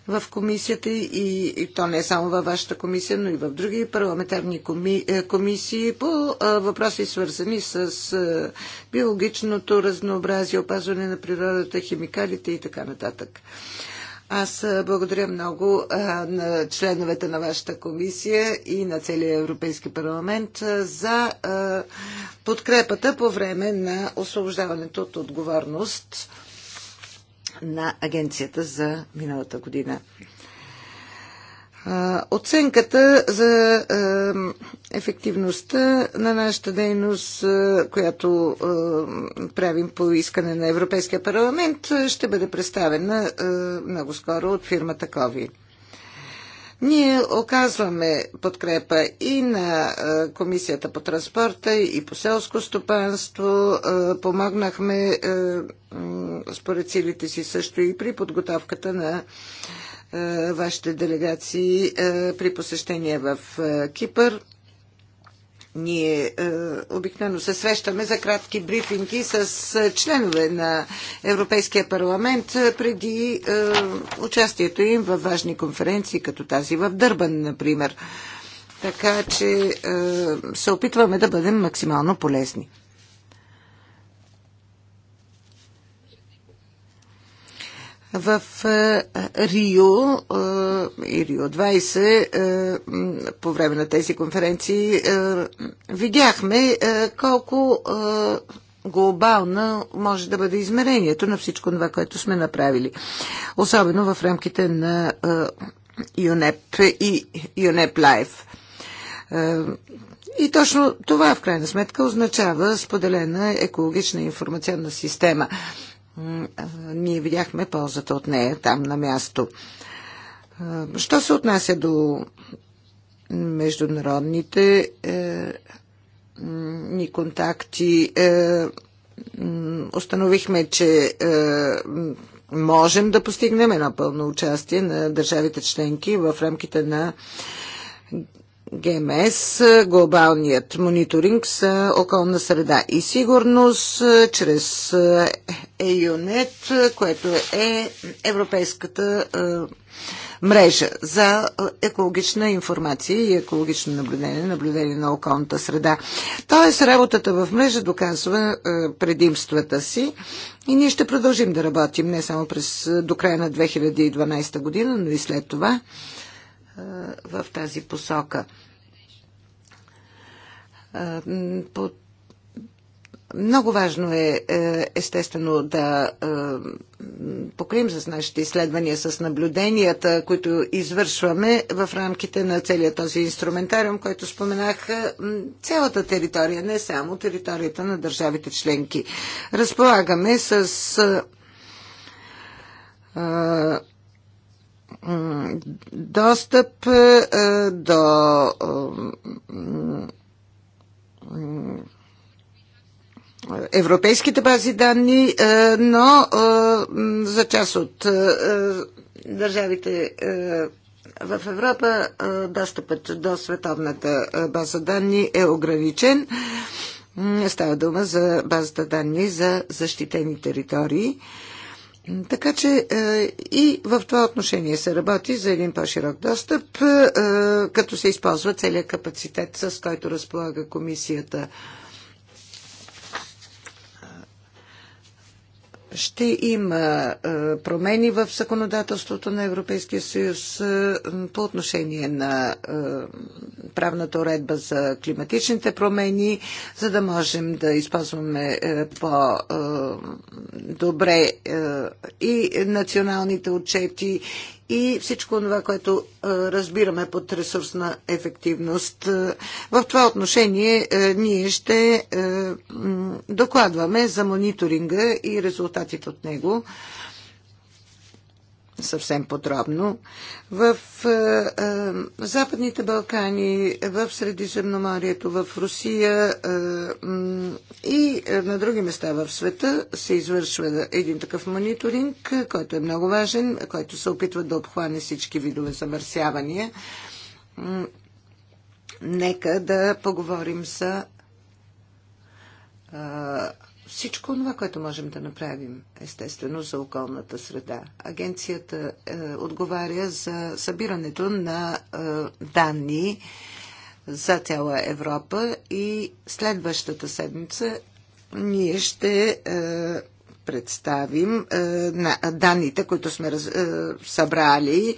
в комисията и, и то не е само във вашата комисия, но и в други парламентарни коми, е, комисии по е, въпроси свързани с е, биологичното разнообразие, опазване на природата, химикалите и така нататък. Е, аз благодаря много на членовете на вашата комисия и на целия Европейски парламент за подкрепата по време на освобождаването от отговорност на агенцията за миналата година. Оценката за ефективността на нашата дейност, която правим по искане на Европейския парламент, ще бъде представена много скоро от фирмата Кови. Ние оказваме подкрепа и на Комисията по транспорта, и по селско стопанство. Помогнахме според силите си също и при подготовката на е, вашите делегации е, при посещение в е, Кипър. Ние обикновено се срещаме за кратки брифинги с членове на Европейския парламент преди участието им в важни конференции, като тази в Дърбан, например. Така че се опитваме да бъдем максимално полезни. в е, Рио е, и Рио 20 е, по време на тези конференции видяхме колко глобално може да бъде измерението на всичко това, което сме направили. Особено в рамките на ЮНЕП и ЮНЕП Лайф. И точно това в крайна сметка означава споделена екологична информационна система ние видяхме ползата от нея там на място. Що се отнася до международните е, ни контакти, е, установихме, че е, можем да постигнем едно пълно участие на държавите членки в рамките на ГМС, глобалният мониторинг за околна среда и сигурност, чрез ЕЮНЕТ, което е Европейската мрежа за екологична информация и екологично наблюдение, наблюдение на околната среда. Тоест работата в мрежа доказва предимствата си и ние ще продължим да работим не само през, до края на 2012 година, но и след това в тази посока. много важно е, е естествено, да е, покрием с нашите изследвания, с наблюденията, които извършваме в рамките на целия този инструментариум, който споменах, е, цялата територия, не само територията на държавите членки. Разполагаме с достъп е, е, до е, европейските бази данни, но за част от държавите в Европа достъпът до световната база данни е ограничен. Става дума за базата данни за защитени територии. Така че е, и в това отношение се работи за един по-широк достъп, е, като се използва целият капацитет, с който разполага комисията. ще има е, промени в законодателството на Европейския съюз е, по отношение на е, правната уредба за климатичните промени, за да можем да използваме по-добре и националните отчети и всичко това, което разбираме под ресурсна ефективност. В това отношение ние ще докладваме за мониторинга и резултатите от него съвсем подробно. В е, е, Западните Балкани, в Средиземноморието, в Русия е, и е, на други места в света се извършва един такъв мониторинг, който е много важен, който се опитва да обхване всички видове замърсявания. Нека да поговорим за е, всичко това, което можем да направим, естествено, за околната среда. Агенцията е, отговаря за събирането на е, данни за цяла Европа и следващата седмица ние ще е, представим е, на, данните, които сме раз, е, събрали,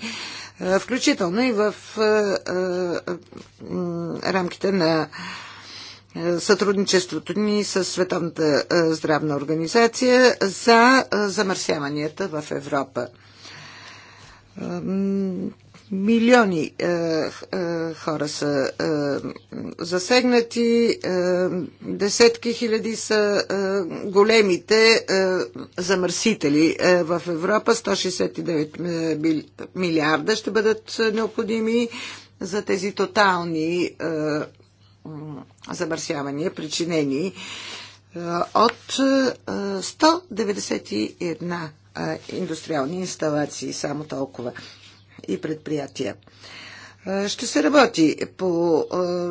е, включително и в е, е, рамките на е, сътрудничеството ни с Световната здравна организация за замърсяванията в Европа. Милиони е, е, хора са е, засегнати, е, десетки хиляди са е, големите е, замърсители е, в Европа. 169 милиарда ще бъдат необходими за тези тотални е, замърсявания, причинени е, от 191 е, е, индустриални инсталации, само толкова и предприятия. Ще се работи по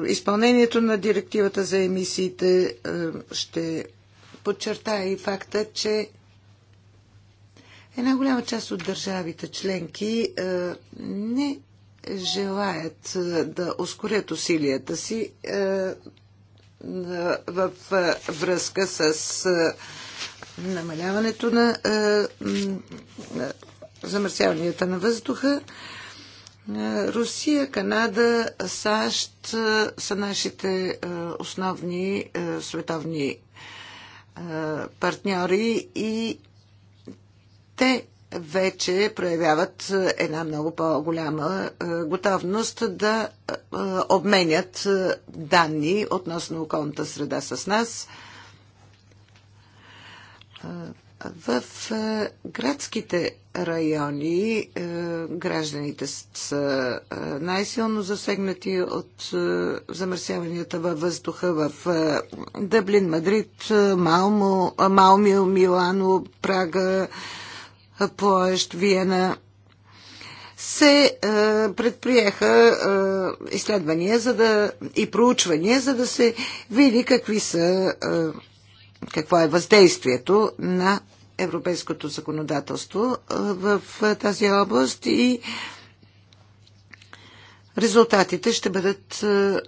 изпълнението на директивата за емисиите. Ще подчертая и факта, че една голяма част от държавите членки не желаят е, да ускорят усилията си е, в е, връзка с намаляването на замърсяванията на въздуха. Русия, Канада, САЩ са нашите основни световни партньори и те вече проявяват една много по-голяма е, готовност да е, обменят е, данни относно околната среда с нас. В градските райони гражданите са най-силно засегнати от замърсяванията във въздуха в Дъблин, Мадрид, Малмо, Малмио, Милано, Прага, Плоещ, Виена, се а, е, предприеха а, е, изследвания за да, и проучвания, за да се види какви са, а, е, какво е въздействието на европейското законодателство в тази област и резултатите ще бъдат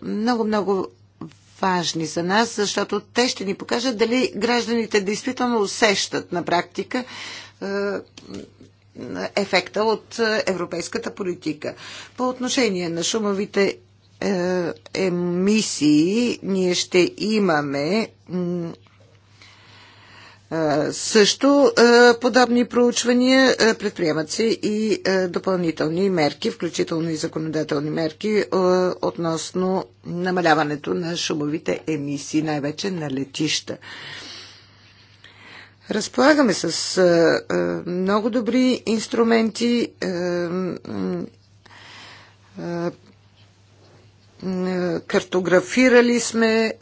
много-много важни за нас, защото те ще ни покажат дали гражданите действително усещат на практика е, ефекта от европейската политика. По отношение на шумовите е, емисии, ние ще имаме е, също подобни проучвания предприемат се и допълнителни мерки, включително и законодателни мерки относно намаляването на шумовите емисии, най-вече на летища. Разполагаме с е, е, много добри инструменти е, картографирали сме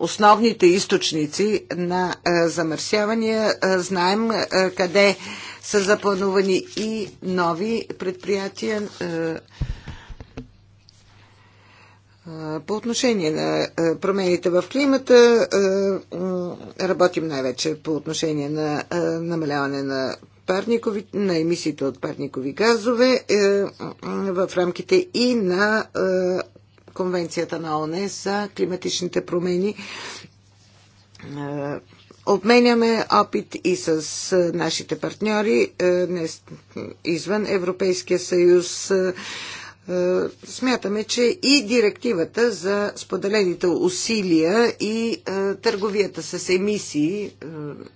основните източници на замърсявания. Знаем къде са запланувани и нови предприятия. По отношение на е, промените в климата, е, работим най-вече по отношение на е, намаляване на парникови, на емисиите от парникови газове в рамките и на Конвенцията на ОНЕ за климатичните промени. Обменяме опит и с нашите партньори извън Европейския съюз. Е, смятаме, че и директивата за споделените усилия и е, търговията с емисии, е,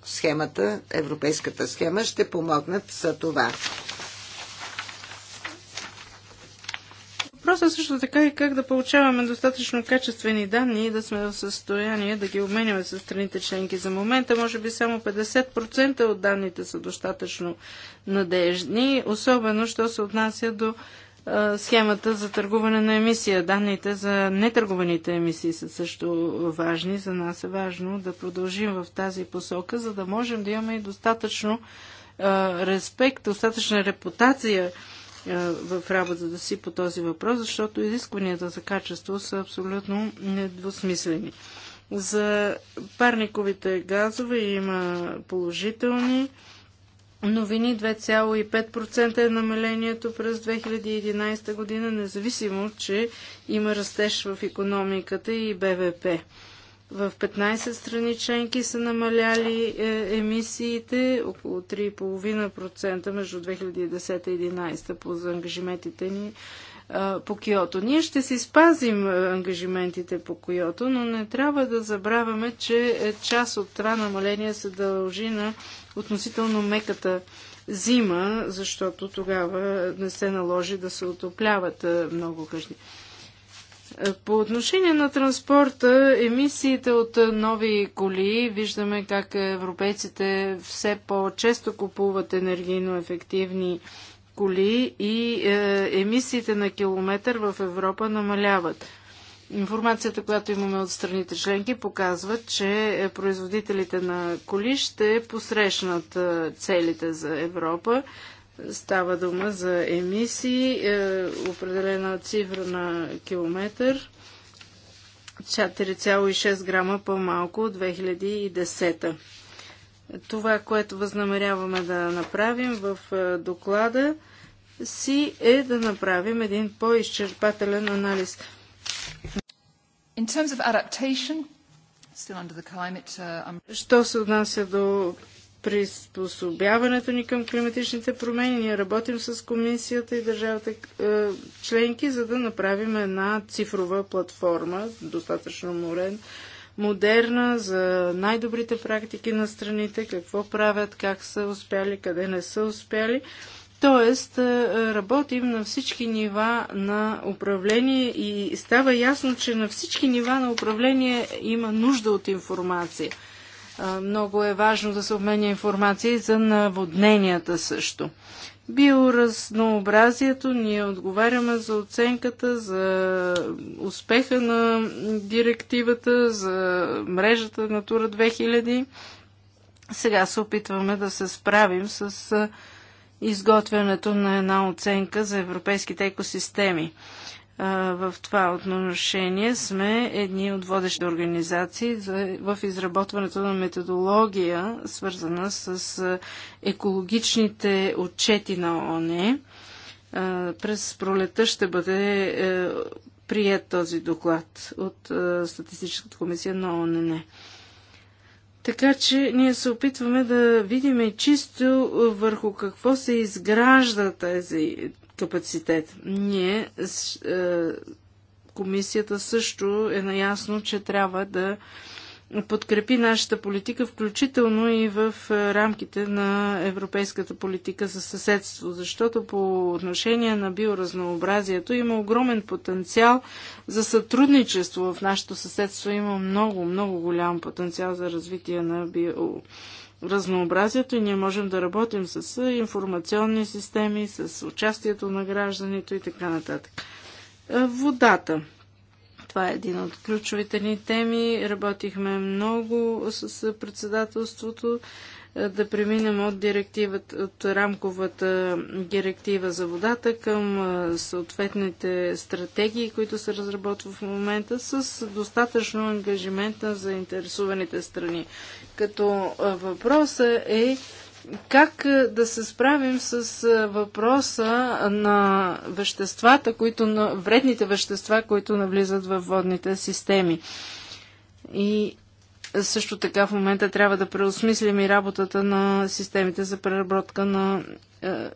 схемата, европейската схема, ще помогнат за това. Въпросът също така е как да получаваме достатъчно качествени данни и да сме в състояние да ги обменяме с страните членки. За момента може би само 50% от данните са достатъчно надежни, особено що се отнася до схемата за търгуване на емисия. Данните за нетъргуваните емисии са също важни. За нас е важно да продължим в тази посока, за да можем да имаме и достатъчно респект, достатъчна репутация в работата си по този въпрос, защото изискванията за качество са абсолютно недвусмислени. За парниковите газове има положителни новини 2,5% е намалението през 2011 година, независимо, че има растеж в економиката и БВП. В 15 страни членки са намаляли е, емисиите около 3,5% между 2010 и 2011 по ангажиментите ни по Киото. Ние ще си спазим е, ангажиментите по Киото, но не трябва да забравяме, че е, част от това намаление се дължи на относително меката зима, защото тогава не се наложи да се отопляват много къщи. По отношение на транспорта, емисиите от нови коли, виждаме как европейците все по-често купуват енергийно ефективни коли и е, емисиите на километър в Европа намаляват. Информацията, която имаме от страните членки, показва, че производителите на коли ще посрещнат целите за Европа. Става дума за емисии, е, определена цифра на километър, 4,6 грама по-малко от 2010. Това, което възнамеряваме да направим в е, доклада си е да направим един по-изчерпателен анализ. Uh, um, Що се отнася до приспособяването ни към климатичните промени. Ние работим с комисията и държавата е, членки, за да направим една цифрова платформа, достатъчно морен, модерна, за най-добрите практики на страните, какво правят, как са успяли, къде не са успяли, Тоест, е, е, работим на всички нива на управление и става ясно, че на всички нива на управление има нужда от информация. Е, много е важно да се обменя информация и за наводненията също. Биоразнообразието ние отговаряме за оценката, за успеха на директивата, за мрежата Натура 2000. Сега се опитваме да се справим с изготвянето на една оценка за европейските екосистеми. В това отношение сме едни от водещи организации в изработването на методология, свързана с екологичните отчети на ОНЕ. През пролета ще бъде е, прият този доклад от е, Статистическата комисия на ОНЕ. Така че ние се опитваме да видим чисто върху какво се изгражда тези капацитет. Ние, е, комисията също е наясно, че трябва да подкрепи нашата политика, включително и в е, рамките на европейската политика за съседство, защото по отношение на биоразнообразието има огромен потенциал за сътрудничество в нашето съседство. Има много, много голям потенциал за развитие на биоразнообразието и ние можем да работим с е, информационни системи, с участието на гражданите и така нататък. Е, водата. Това е един от ключовите ни теми. Работихме много с председателството е, да преминем от, директивата, от рамковата директива за водата към е, съответните стратегии, които се разработват в момента с достатъчно ангажимент на заинтересуваните страни. Като е, въпросът е как е, да се справим с е, въпроса на веществата, които, на вредните вещества, които навлизат в водните системи? И също така в момента трябва да преосмислим и работата на системите за преработка на е,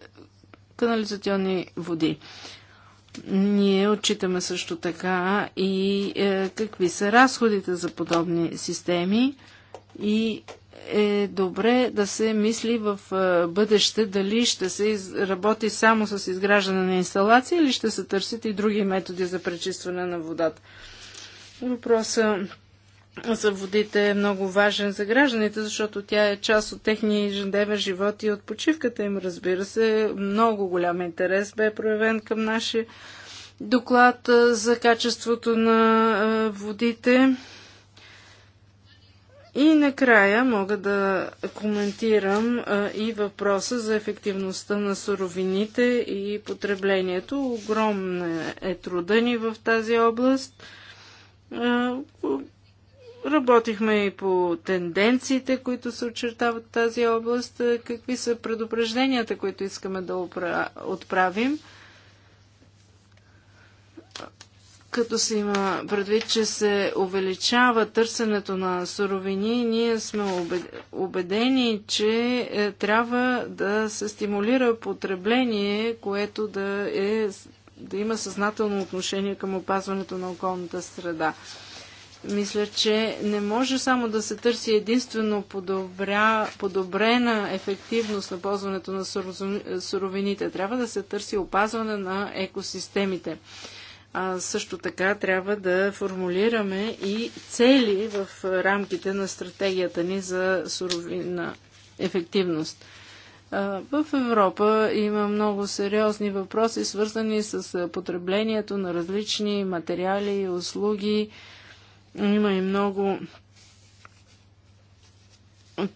канализационни води. Ние отчитаме също така и е, какви са разходите за подобни системи и е добре да се мисли в е, бъдеще дали ще се работи само с изграждане на инсталация или ще се търсят и други методи за пречистване на водата. Въпросът за водите е много важен за гражданите, защото тя е част от техния ежедневен живот и от почивката им, разбира се. Много голям интерес бе проявен към нашия доклад е, за качеството на е, водите. И накрая мога да коментирам а, и въпроса за ефективността на суровините и потреблението. Огромна е труда ни в тази област. А, работихме и по тенденциите, които се очертават в тази област, какви са предупрежденията, които искаме да отправим – като се има предвид, че се увеличава търсенето на суровини, ние сме убедени, че е, трябва да се стимулира потребление, което да, е, да има съзнателно отношение към опазването на околната среда. Мисля, че не може само да се търси единствено подобря, подобрена ефективност на ползването на суровините. Трябва да се търси опазване на екосистемите. А също така трябва да формулираме и цели в рамките на стратегията ни за суровина ефективност. В Европа има много сериозни въпроси, свързани с потреблението на различни материали и услуги. Има и много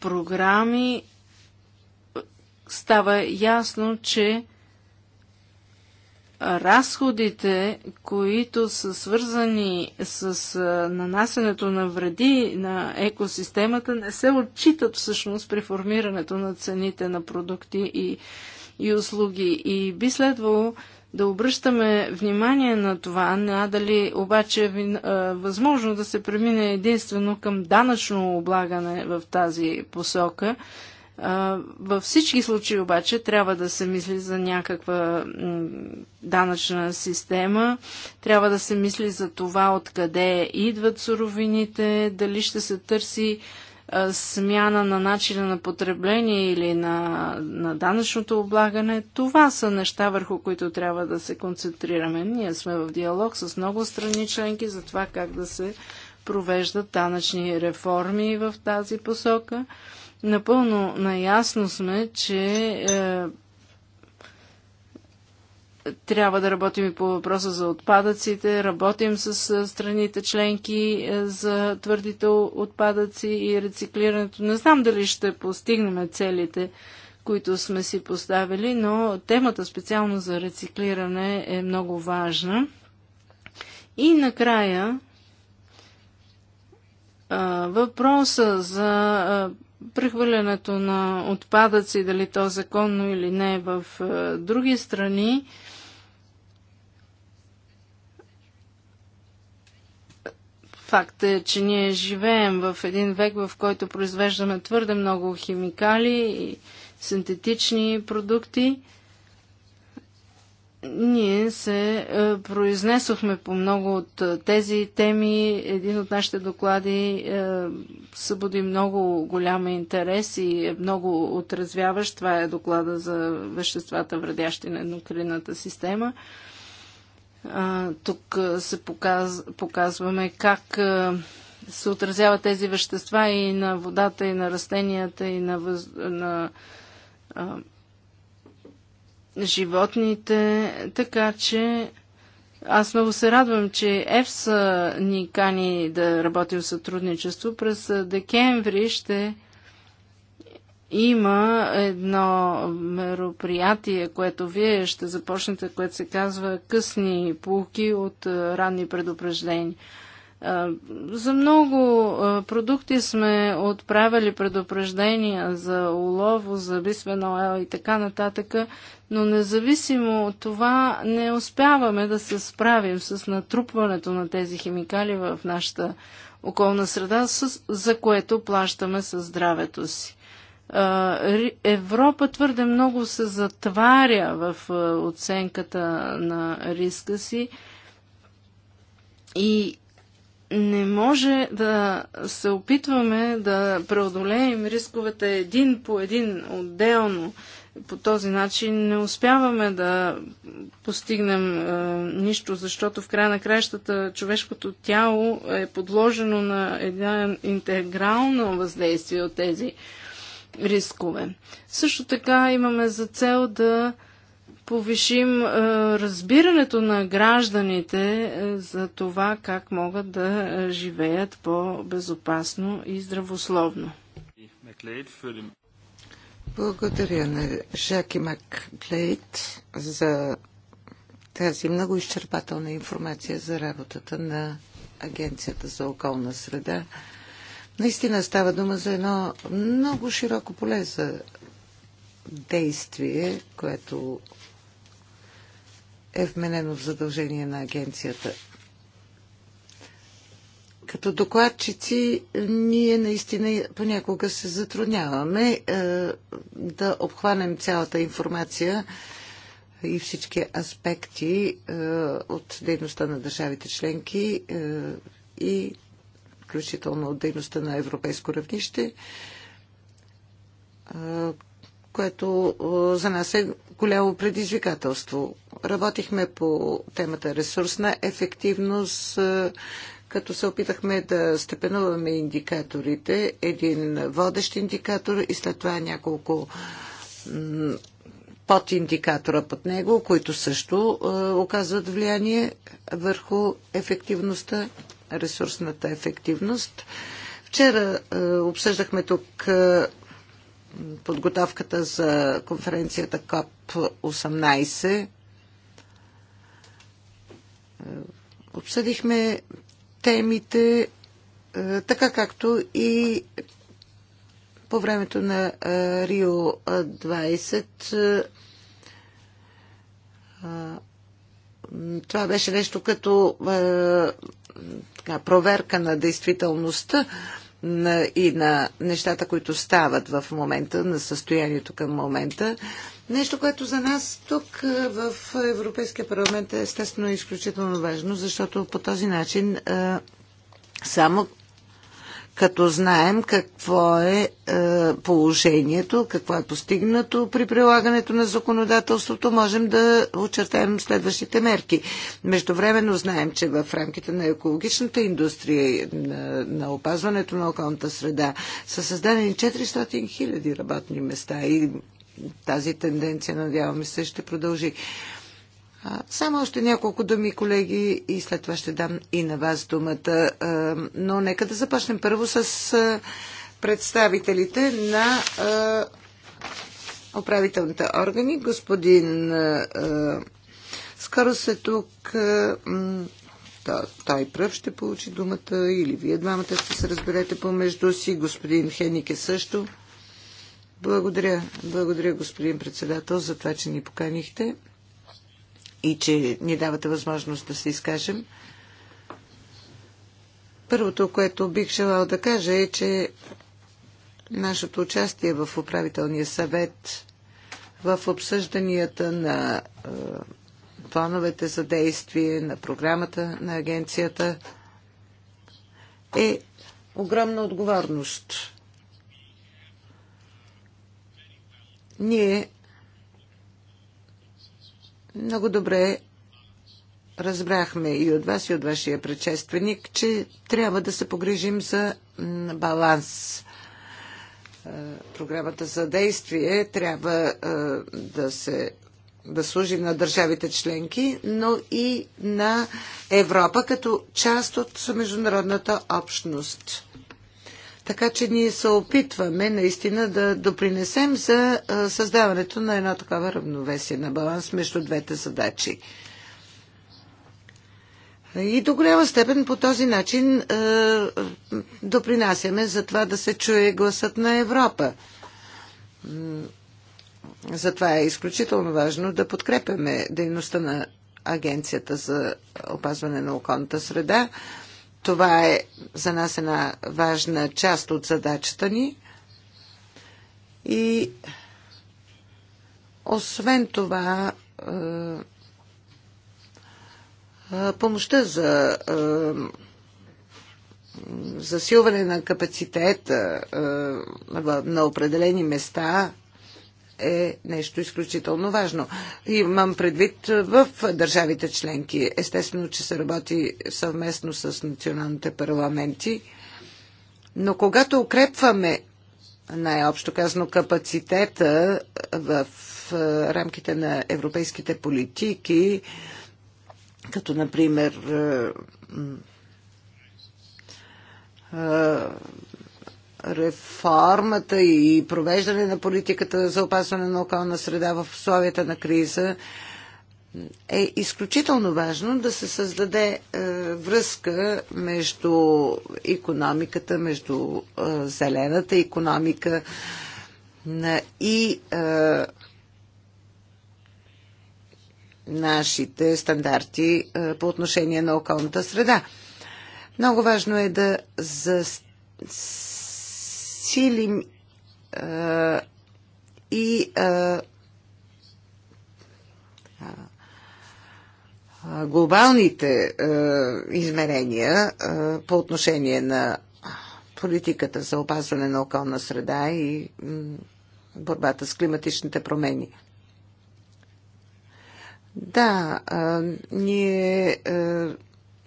програми. Става ясно, че разходите, които са свързани с нанасенето на вреди на екосистемата, не се отчитат всъщност при формирането на цените на продукти и, и услуги. И би следвало да обръщаме внимание на това, надали обаче е възможно да се премине единствено към данъчно облагане в тази посока – във всички случаи обаче трябва да се мисли за някаква данъчна система, трябва да се мисли за това откъде идват суровините, дали ще се търси смяна на начина на потребление или на, на данъчното облагане. Това са неща, върху които трябва да се концентрираме. Ние сме в диалог с много страни членки за това как да се провеждат данъчни реформи в тази посока. Напълно наясно сме, че е, трябва да работим и по въпроса за отпадъците, работим с е, страните членки е, за твърдите отпадъци и рециклирането. Не знам дали ще постигнем целите, които сме си поставили, но темата специално за рециклиране е много важна. И накрая въпроса за прехвърлянето на отпадъци, дали то законно или не, в е, други страни, Факт е, че ние живеем в един век, в който произвеждаме твърде много химикали и синтетични продукти – ние се е, произнесохме по много от е, тези теми. Един от нашите доклади е, събуди много голям интерес и е много отразвяващ. Това е доклада за веществата, вредящи на еднокрината система. тук се показ, показваме как се отразяват тези вещества и на водата, и на растенията, и на, въз, на животните, така че аз много се радвам, че ЕФСА ни кани да работим в сътрудничество. През декември ще има едно мероприятие, което вие ще започнете, което се казва късни полки от ранни предупреждения. За много продукти сме отправили предупреждения за улово, за бисвено и така нататък, но независимо от това не успяваме да се справим с натрупването на тези химикали в нашата околна среда, за което плащаме със здравето си. Европа твърде много се затваря в оценката на риска си и не може да се опитваме да преодолеем рисковете един по един отделно. По този начин не успяваме да постигнем е, нищо, защото в края на краищата човешкото тяло е подложено на едно интегрално въздействие от тези рискове. Също така имаме за цел да повишим е, разбирането на гражданите е, за това как могат да е, живеят по-безопасно и здравословно. Благодаря на Жаки Макклейт за тази много изчерпателна информация за работата на Агенцията за околна среда. Наистина става дума за едно много широко поле за действие, което е вменено в задължение на агенцията. Като докладчици ние наистина понякога се затрудняваме е, да обхванем цялата информация и всички аспекти е, от дейността на държавите членки е, и включително от дейността на европейско равнище, е, което е, за нас е голямо предизвикателство. Работихме по темата ресурсна ефективност, като се опитахме да степенуваме индикаторите, един водещ индикатор и след това няколко под индикатора под него, които също е, оказват влияние върху ефективността, ресурсната ефективност. Вчера е, обсъждахме тук подготовката за конференцията КОП-18. Обсъдихме темите е, така както и по времето на е, Рио 20 е, това беше нещо като така, проверка на действителността на, и на нещата, които стават в момента, на състоянието към момента. Нещо, което за нас тук е, в Европейския парламент е естествено изключително важно, защото по този начин е, само като знаем какво е, е, положението, какво е постигнато при прилагането на законодателството, можем да очертаем следващите мерки. Междувременно знаем, че в рамките на екологичната индустрия, на, на опазването на околната среда, са създадени 400 хиляди работни места и тази тенденция, надяваме се, ще продължи. Само още няколко думи, колеги, и след това ще дам и на вас думата. Но нека да започнем първо с представителите на управителните органи. Господин Скоро се тук. Той пръв ще получи думата или вие двамата ще се разберете помежду си. Господин Хеник е също. Благодаря, благодаря господин председател за това, че ни поканихте и че ни давате възможност да се изкажем. Първото, което бих желал да кажа е, че нашето участие в управителния съвет, в обсъжданията на е, плановете за действие, на програмата на агенцията е огромна отговорност. Ние много добре разбрахме и от вас, и от вашия предшественик, че трябва да се погрижим за баланс. Е, програмата за действие трябва е, да се да служи на държавите членки, но и на Европа като част от международната общност. Така че ние се опитваме наистина да допринесем за създаването на едно такава равновесие на баланс между двете задачи. И до голяма степен по този начин е, допринасяме за това да се чуе гласът на Европа. Затова е изключително важно да подкрепяме дейността на Агенцията за опазване на околната среда. Това е за нас една важна част от задачата ни. И освен това, е, е, помощта за е, засилване на капацитета на определени места е нещо изключително важно. Имам предвид в държавите членки. Естествено, че се работи съвместно с националните парламенти, но когато укрепваме най-общо казано капацитета в е, рамките на европейските политики, като например е, е, реформата и провеждане на политиката за опазване на околна среда в условията на криза е изключително важно да се създаде е, връзка между економиката, между е, зелената економика на, и е, нашите стандарти е, по отношение на околната среда. Много важно е да за, засилим а, и а, а, глобалните а, измерения а, по отношение на политиката за опазване на околна среда и борбата с климатичните промени. Да, а, ние а,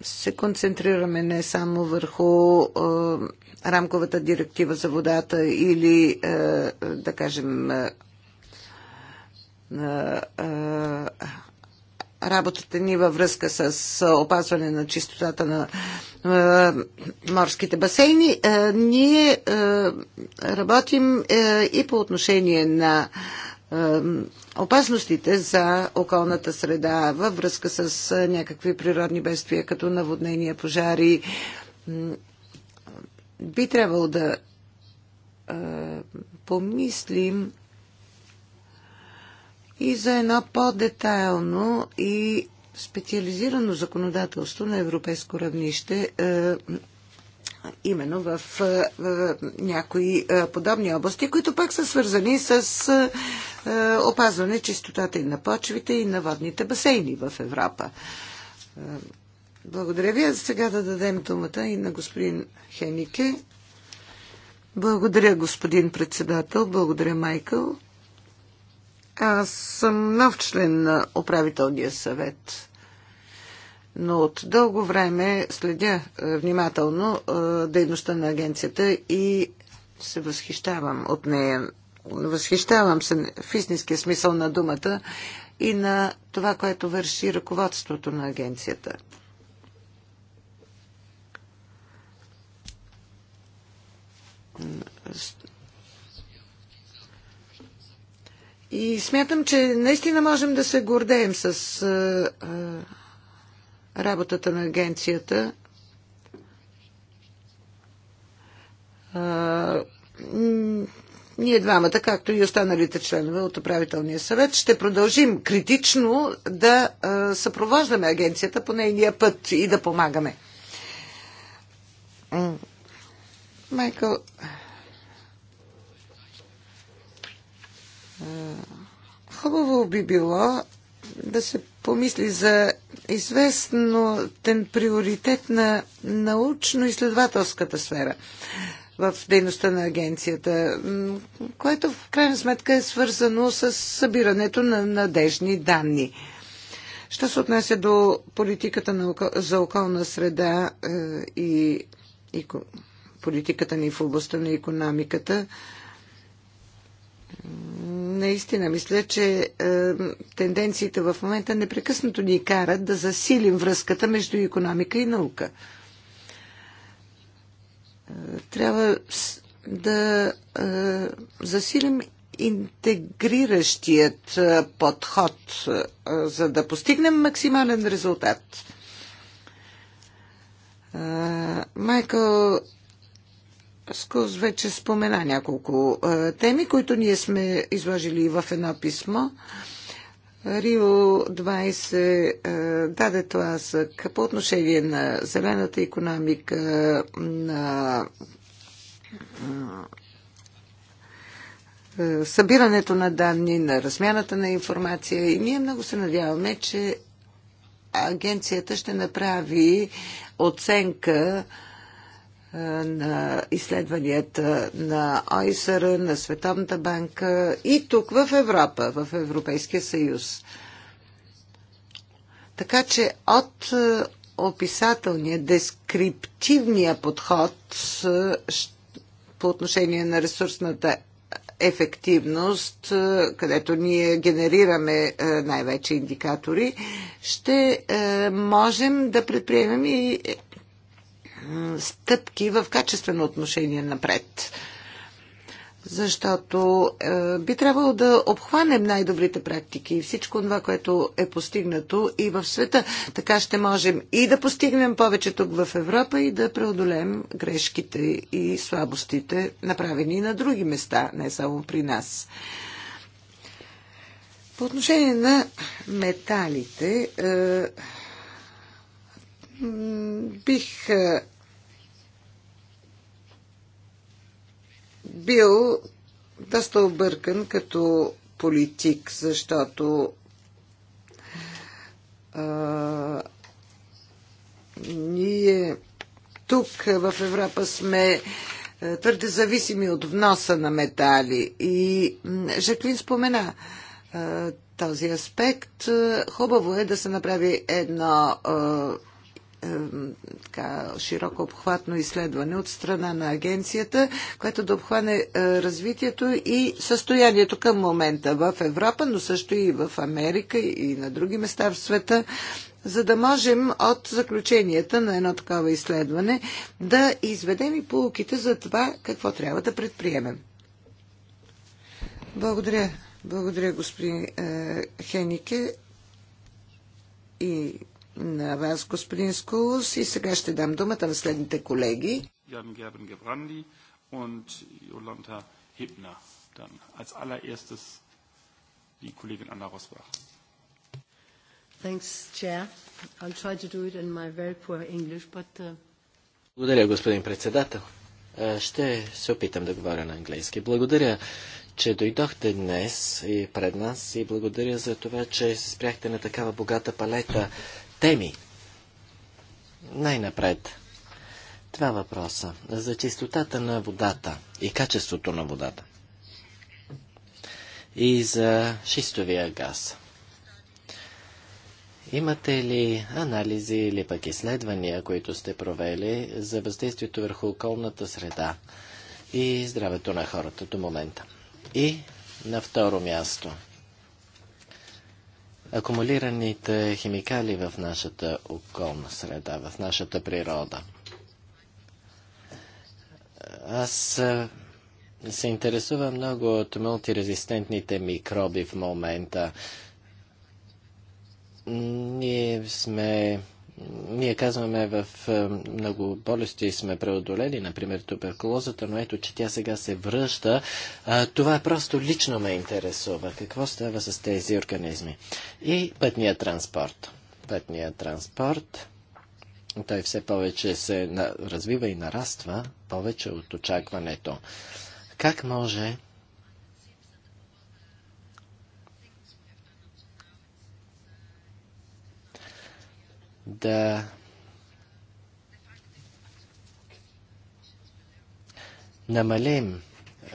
се концентрираме не само върху а, рамковата директива за водата или, е, да кажем, е, е, работата ни във връзка с опазване на чистотата на морските басейни, ние работим и по отношение на опасностите за околната среда във връзка с някакви природни бедствия, като наводнения, пожари, би трябвало да помислим и за едно по-детайлно и специализирано законодателство на европейско равнище, именно в някои подобни области, които пък са свързани с опазване чистотата и на почвите и на водните басейни в Европа. Благодаря ви. А сега да дадем думата и на господин Хенике. Благодаря, господин председател. Благодаря, Майкъл. Аз съм нов член на управителния съвет, но от дълго време следя е, внимателно е, дейността на агенцията и се възхищавам от нея. Възхищавам се в истинския смисъл на думата и на това, което върши ръководството на агенцията. И смятам, че наистина можем да се гордеем с а, а, работата на агенцията. А, ние двамата, както и останалите членове от управителния съвет, ще продължим критично да а, съпровождаме агенцията по нейния път и да помагаме. Майкъл. Хубаво би било да се помисли за известно тен приоритет на научно-изследователската сфера в дейността на агенцията, което в крайна сметка е свързано с събирането на надежни данни. Що се отнася до политиката на, за околна среда е, и, и политиката ни в областта на економиката. Наистина, мисля, че е, тенденциите в момента непрекъснато ни карат да засилим връзката между економика и наука. Е, трябва да е, засилим интегриращият е, подход, е, за да постигнем максимален резултат. Е, Майкъл Скъс вече спомена няколко теми, които ние сме изложили в едно писмо. Рио 20 даде тласък по отношение на зелената економика, на събирането на данни, на размяната на информация и ние много се надяваме, че агенцията ще направи оценка е, на изследванията на ОИСР, на Световната банка и тук в Европа, в Европейския съюз. Така че от е, описателния, дескриптивния подход е, по отношение на ресурсната ефективност, където ние генерираме най-вече индикатори, ще можем да предприемем и стъпки в качествено отношение напред. Защото е, би трябвало да обхванем най-добрите практики и всичко това, което е постигнато и в света. Така ще можем и да постигнем повече тук в Европа и да преодолем грешките и слабостите, направени на други места, не само при нас. По отношение на металите, е, бих е, бил доста объркан като политик, защото а, ние тук в Европа сме твърде зависими от вноса на метали. И Жаклин спомена а, този аспект. Хубаво е да се направи едно а, е, така, широко обхватно изследване от страна на агенцията, което да обхване е, развитието и състоянието към момента в Европа, но също и в Америка и на други места в света, за да можем от заключенията на едно такова изследване да изведем и полуките за това какво трябва да предприемем. Благодаря. Благодаря, господин е, Хенике. И на вас, господин Скулс, И сега ще дам думата на следните колеги. Ян Гербен Гебранди и Йоланта Хипна. Dann als allererstes die Kollegin Anna Rosbach. Thanks, Chair. I'll try to do it in my very poor English, but... Uh... Благодаря, господин председател. Е, ще се опитам да говоря на английски. Благодаря, че дойдохте днес и пред нас и благодаря за това, че спряхте на такава богата палета теми. Най-напред. това въпроса. За чистотата на водата и качеството на водата. И за шистовия газ. Имате ли анализи или пък изследвания, които сте провели за въздействието върху околната среда и здравето на хората до момента? И на второ място – акумулираните химикали в нашата околна среда, в нашата природа. Аз се интересувам много от мултирезистентните микроби в момента. Ние сме ние казваме в е, много болести сме преодолели, например туберкулозата, но ето, че тя сега се връща. Това просто лично ме интересува. Какво става с тези организми? И пътния транспорт. Пътния транспорт, той все повече се развива и нараства, повече от очакването. Как може да намалим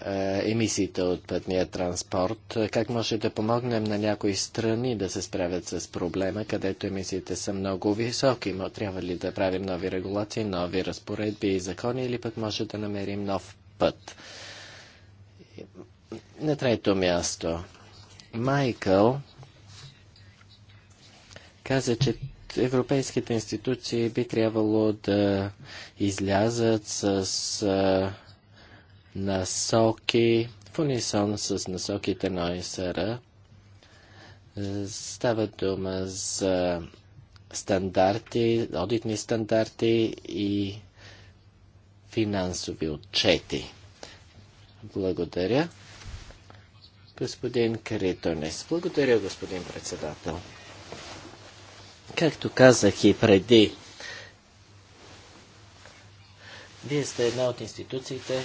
е, емисиите от пътния транспорт, как може да помогнем на някои страни да се справят с проблема, където емисиите са много високи? Но трябва ли да правим нови регулации, нови разпоредби и закони или пък може да намерим нов път? На трето място. Майкъл каза, че европейските институции би трябвало да излязат с насоки, в унисон с насоките на ОСР. Е, става дума за стандарти, одитни стандарти и финансови отчети. Благодаря. Господин Каритонес. Благодаря, господин председател. Както казах и преди, вие сте една от институциите,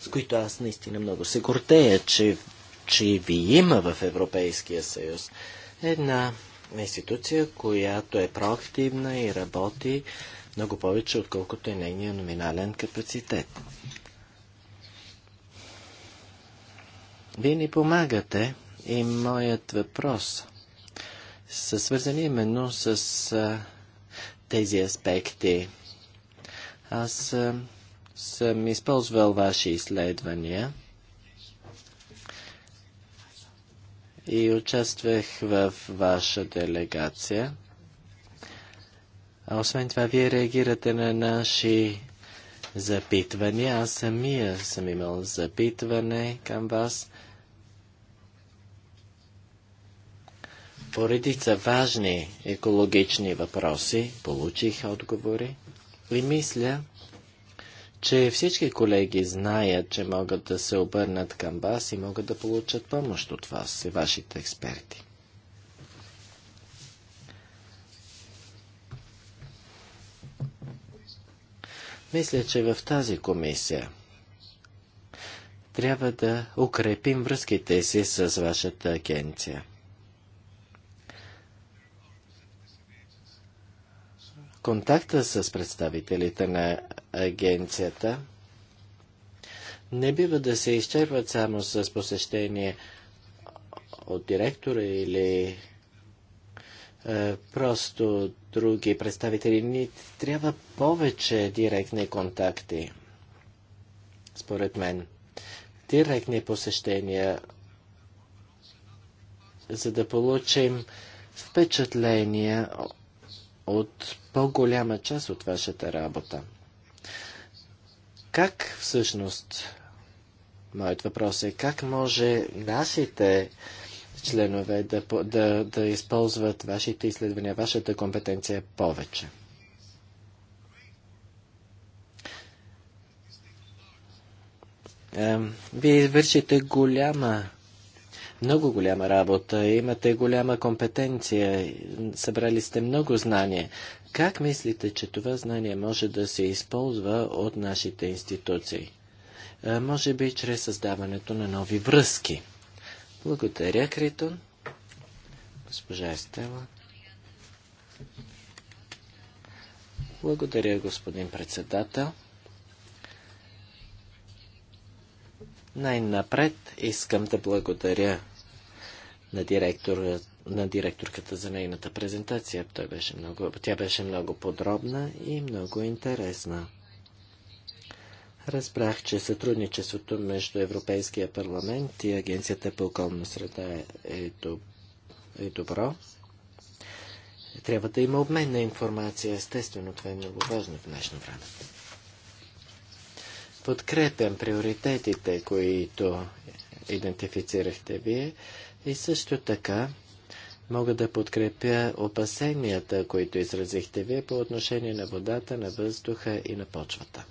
с които аз наистина много се гордея, че, че ви има в Европейския съюз. Една институция, която е проактивна и работи много повече, отколкото е нейния номинален капацитет. Вие ни помагате и моят въпрос – са свързани именно с а, тези аспекти. Аз а, съм използвал ваши изследвания и участвах в ваша делегация. А освен това, вие реагирате на наши запитвания. Аз самия съм имал запитване към вас – по редица важни екологични въпроси получих отговори и мисля, че всички колеги знаят, че могат да се обърнат към вас и могат да получат помощ от вас и вашите експерти. Мисля, че в тази комисия трябва да укрепим връзките си с вашата агенция. контакта с представителите на агенцията не бива да се изчерпват само с посещение от директора или е, просто други представители. Ни трябва повече директни контакти, според мен. Директни посещения, за да получим впечатления от по-голяма част от вашата работа. Как всъщност, моят въпрос е, как може нашите членове да, да, да използват вашите изследвания, вашата компетенция повече? Вие извършите голяма много голяма работа, имате голяма компетенция, събрали сте много знания. Как мислите, че това знание може да се използва от нашите институции? Може би чрез създаването на нови връзки. Благодаря, Критон. Госпожа Естела. Благодаря, господин председател. Най-напред искам да благодаря на, директор, на директорката за нейната презентация. Той беше много, тя беше много подробна и много интересна. Разбрах, че сътрудничеството между Европейския парламент и Агенцията по околна среда е, е доб... е добро. Трябва да има обмен на информация. Естествено, това е много важно в днешно време. Подкрепям приоритетите, които идентифицирахте вие и също така мога да подкрепя опасенията, които изразихте вие по отношение на водата, на въздуха и на почвата.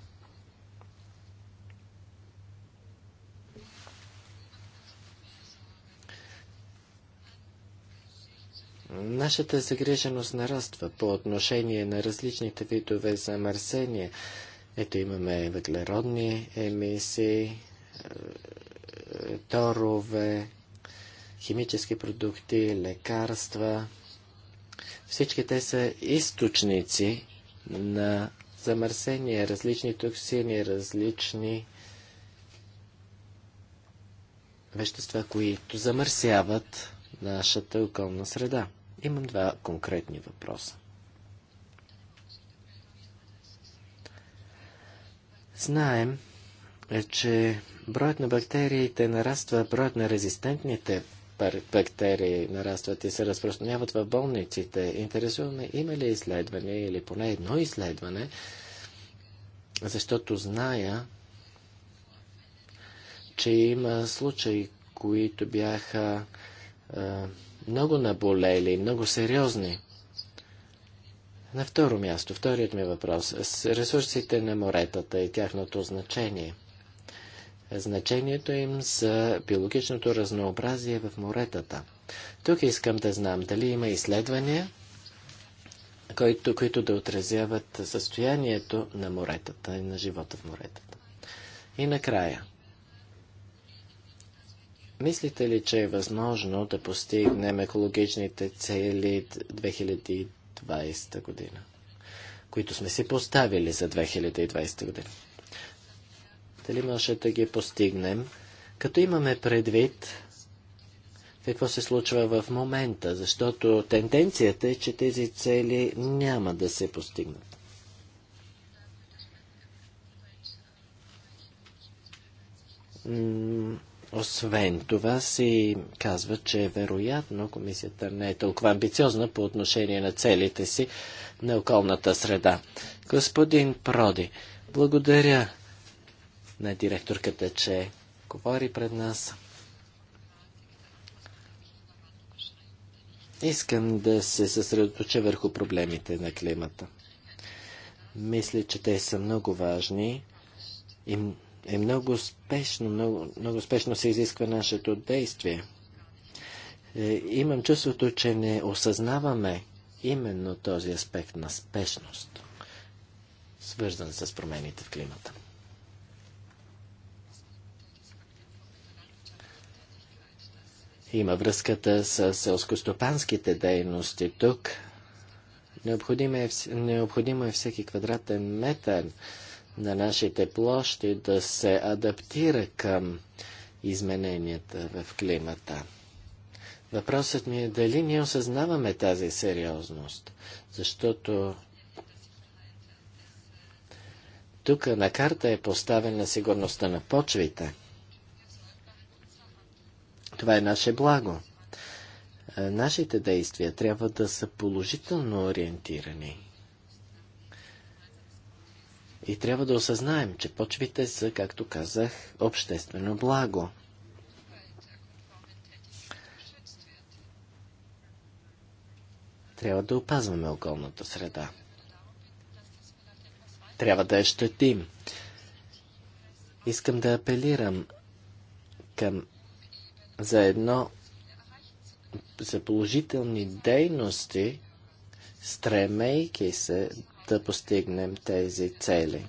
Нашата загриженост нараства по отношение на различните видове замърсение. Ето имаме въглеродни емисии, е, торове, химически продукти, лекарства. Всички те са източници на замърсения, различни токсини, различни вещества, които замърсяват нашата околна среда. Имам два конкретни въпроса. Знаем, е, че броят на бактериите нараства, броят на резистентните бактерии нарастват и се разпространяват в болниците. Интересуваме има ли изследване или поне едно изследване, защото зная, че има случаи, които бяха а, много наболели, много сериозни. На второ място, вторият ми въпрос с ресурсите на моретата и тяхното значение. Значението им за биологичното разнообразие в моретата. Тук искам да знам дали има изследвания, които, които да отразяват състоянието на моретата и на живота в моретата. И накрая. Мислите ли, че е възможно да постигнем екологичните цели 2020 година, които сме си поставили за 2020 година. Дали може да ги постигнем, като имаме предвид какво се случва в момента, защото тенденцията е, че тези цели няма да се постигнат. М- освен това си казва, че вероятно комисията не е толкова амбициозна по отношение на целите си на околната среда. Господин Проди, благодаря на директорката, че говори пред нас. Искам да се съсредоточа върху проблемите на климата. Мисля, че те са много важни и е много спешно, много, много спешно се изисква нашето действие. Е, имам чувството, че не осъзнаваме именно този аспект на спешност, свързан с промените в климата. Има връзката с селскостопанските дейности тук. Необходимо е, необходимо е всеки квадратен метър на нашите площи да се адаптира към измененията в климата. Въпросът ми е дали ние осъзнаваме тази сериозност, защото тук на карта е поставена сигурността на почвите. Това е наше благо. Е, нашите действия трябва да са положително ориентирани. И трябва да осъзнаем, че почвите са, както казах, обществено благо. Трябва да опазваме околната среда. Трябва да я щетим. Искам да апелирам към за едно за положителни дейности, стремейки се да постигнем тези цели.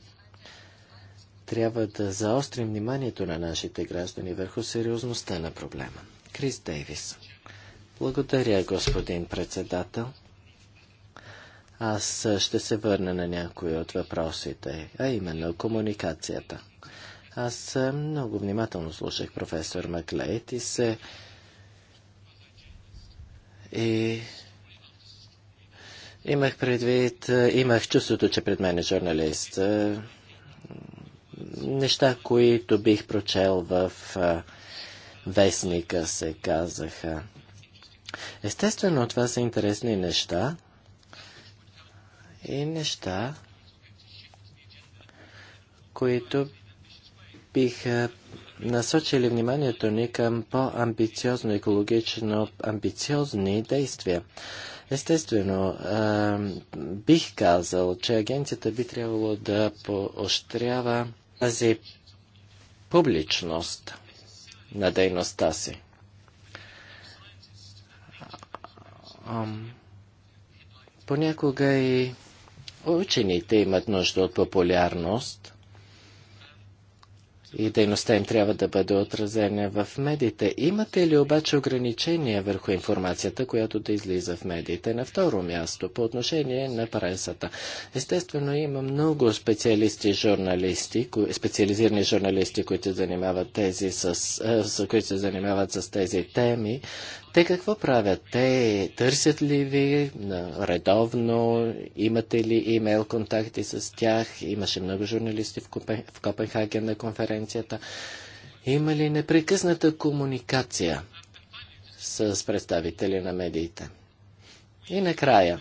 Трябва да заострим вниманието на нашите граждани върху сериозността на проблема. Крис Дейвис. Благодаря, господин председател. Аз ще се върна на някои от въпросите, а именно комуникацията. Аз много внимателно слушах професор Маклейт и се... И Имах предвид, е, имах чувството, че пред мен е журналист. Е, неща, които бих прочел в е, вестника, се казаха. Естествено, това са интересни неща и неща, които биха насочили вниманието ни към по-амбициозно, екологично амбициозни действия. Естествено, бих казал, че агенцията би трябвало да поощрява тази публичност на дейността си. Понякога и учените имат нужда от популярност – и дейността им трябва да бъде отразена в медиите. Имате ли обаче ограничения върху информацията, която да излиза в медиите? На второ място, по отношение на пресата. Естествено, има много специалисти, журналисти, специализирани журналисти, които, занимават тези с, които се занимават с тези теми, те какво правят? Те търсят ли ви редовно? Имате ли имейл контакти с тях? Имаше много журналисти в, Копен... в Копенхаген на конференцията. Има ли непрекъсната комуникация с представители на медиите? И накрая,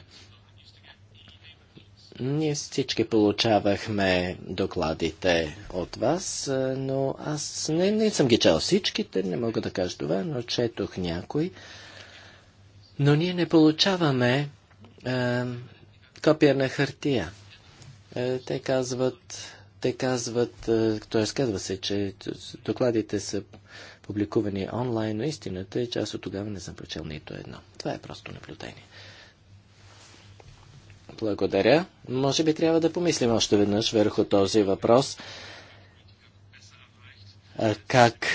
ние всички получавахме докладите от вас, но аз не, не съм ги чел всичките, не мога да кажа това, но четох някой. Но ние не получаваме е, копия на хартия. Е, те казват, те казват, т.е. казва се, че докладите са публикувани онлайн, но истината е, че аз от тогава не съм прочел нито едно. Това е просто наблюдение. Благодаря. Може би трябва да помислим още веднъж върху този въпрос. Как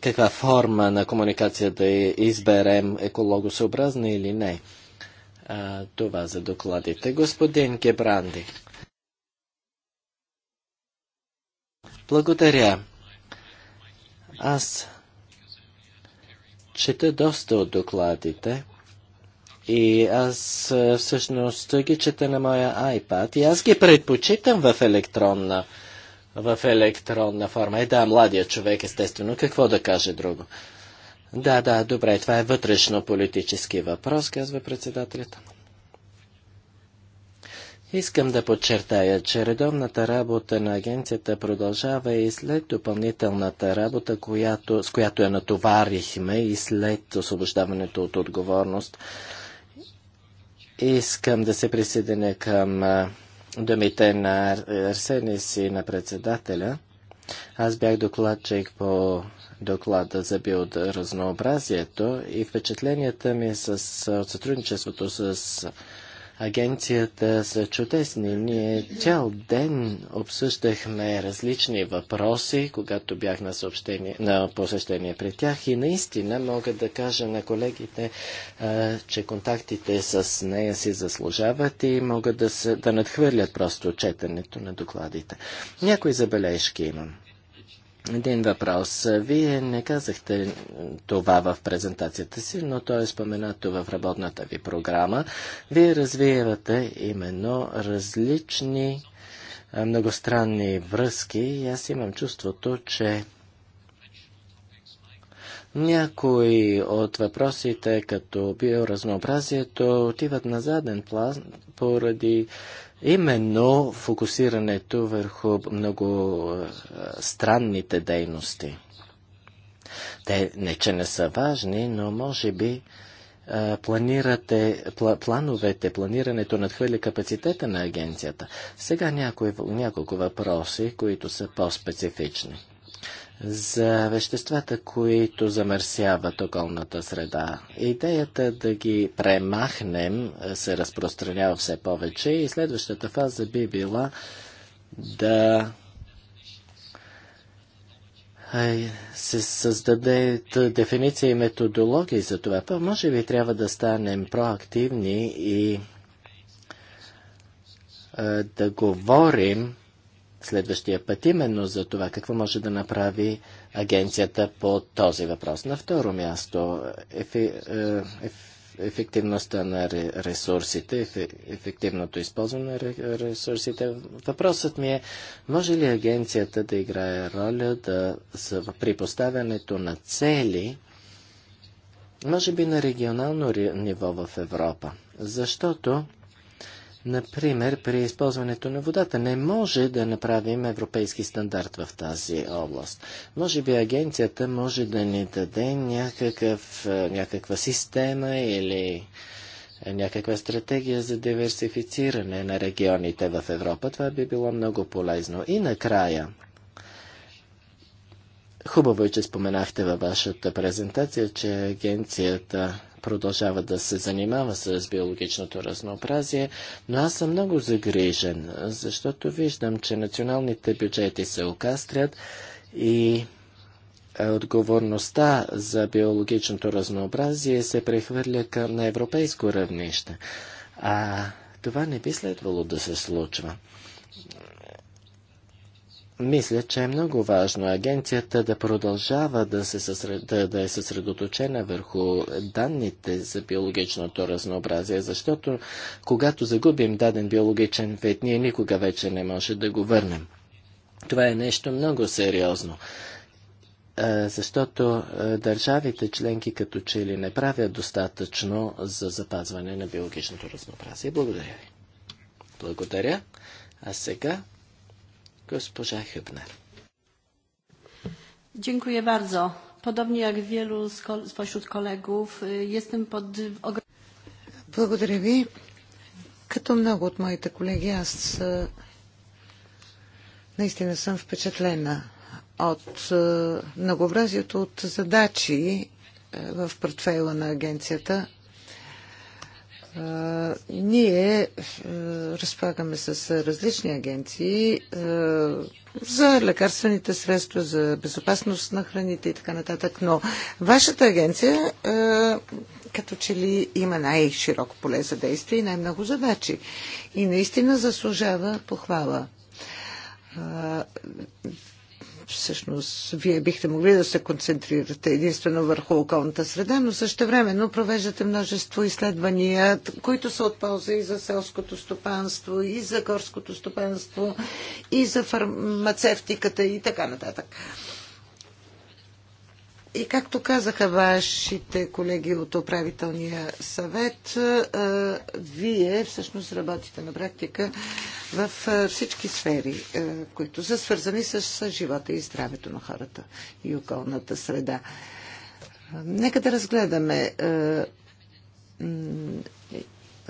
каква форма на комуникация да изберем, екологосъобразна или не. А, това за докладите. Господин Гебранди. Благодаря. Аз чета доста от докладите и аз всъщност ги чета на моя iPad и аз ги предпочитам в електронна в електронна форма. Е, да, младия човек, естествено, какво да каже друго. Да, да, добре, това е вътрешно политически въпрос, казва председателят. Искам да подчертая, че редовната работа на агенцията продължава и след допълнителната работа, която, с която я натоварихме и след освобождаването от отговорност. Искам да се присъединя към думите на Арсенис и на председателя. Аз бях докладчик по доклада за биоразнообразието и впечатленията ми с, от сътрудничеството с агенцията са чудесни. Ние цял ден обсъждахме различни въпроси, когато бях на, съобщение, на посещение при тях и наистина мога да кажа на колегите, а, че контактите с нея си заслужават и могат да, се, да надхвърлят просто четенето на докладите. Някои забележки имам. Един въпрос. Вие не казахте това в презентацията си, но то е споменато в работната ви програма. Вие развивате именно различни многостранни връзки и аз имам чувството, че някои от въпросите, като биоразнообразието, отиват на заден план поради Именно фокусирането върху много странните дейности. Те не че не са важни, но може би планирате, плановете, планирането надхвърли капацитета на агенцията. Сега някои, няколко въпроси, които са по-специфични за веществата, които замърсяват околната среда. Идеята да ги премахнем се разпространява все повече и следващата фаза би била да се създаде дефиниция и методология за това. Па може би трябва да станем проактивни и да говорим следващия път, именно за това какво може да направи агенцията по този въпрос. На второ място, ефи, е, ефективността на ресурсите, ефективното използване на ресурсите. Въпросът ми е, може ли агенцията да играе роля да, за, при поставянето на цели, може би на регионално ниво в Европа? Защото Например, при използването на водата не може да направим европейски стандарт в тази област. Може би агенцията може да ни даде някакъв, някаква система или някаква стратегия за диверсифициране на регионите в Европа. Това би било много полезно. И накрая, хубаво е, че споменахте във вашата презентация, че агенцията продължава да се занимава с биологичното разнообразие, но аз съм много загрижен, защото виждам, че националните бюджети се окастрят и отговорността за биологичното разнообразие се прехвърля към на европейско равнище. А това не би следвало да се случва. Мисля, че е много важно агенцията да продължава да, се съсред... да, да е съсредоточена върху данните за биологичното разнообразие, защото когато загубим даден биологичен вид, ние никога вече не може да го върнем. Това е нещо много сериозно, защото държавите членки като че ли не правят достатъчно за запазване на биологичното разнообразие. Благодаря ви. Благодаря. А сега Госпожа Хюбнер. Dziękuję bardzo. Podobnie jak wielu spośród kolegów, jestem pod Благодаря ви. Като много от моите колеги, аз е, наистина съм впечатлена от е, многообразието от задачи е, в портфейла на агенцията ние е, разполагаме с различни агенции е, за лекарствените средства, за безопасност на храните и така нататък, но вашата агенция е, като че ли има най-широко поле за действие и най-много задачи. И наистина заслужава похвала всъщност вие бихте могли да се концентрирате единствено върху околната среда, но същевременно провеждате множество изследвания, които са от полза и за селското стопанство, и за горското стопанство, и за фармацевтиката и така нататък. И както казаха вашите колеги от управителния съвет, вие всъщност работите на практика в всички сфери, които са свързани с живота и здравето на хората и околната среда. Нека да разгледаме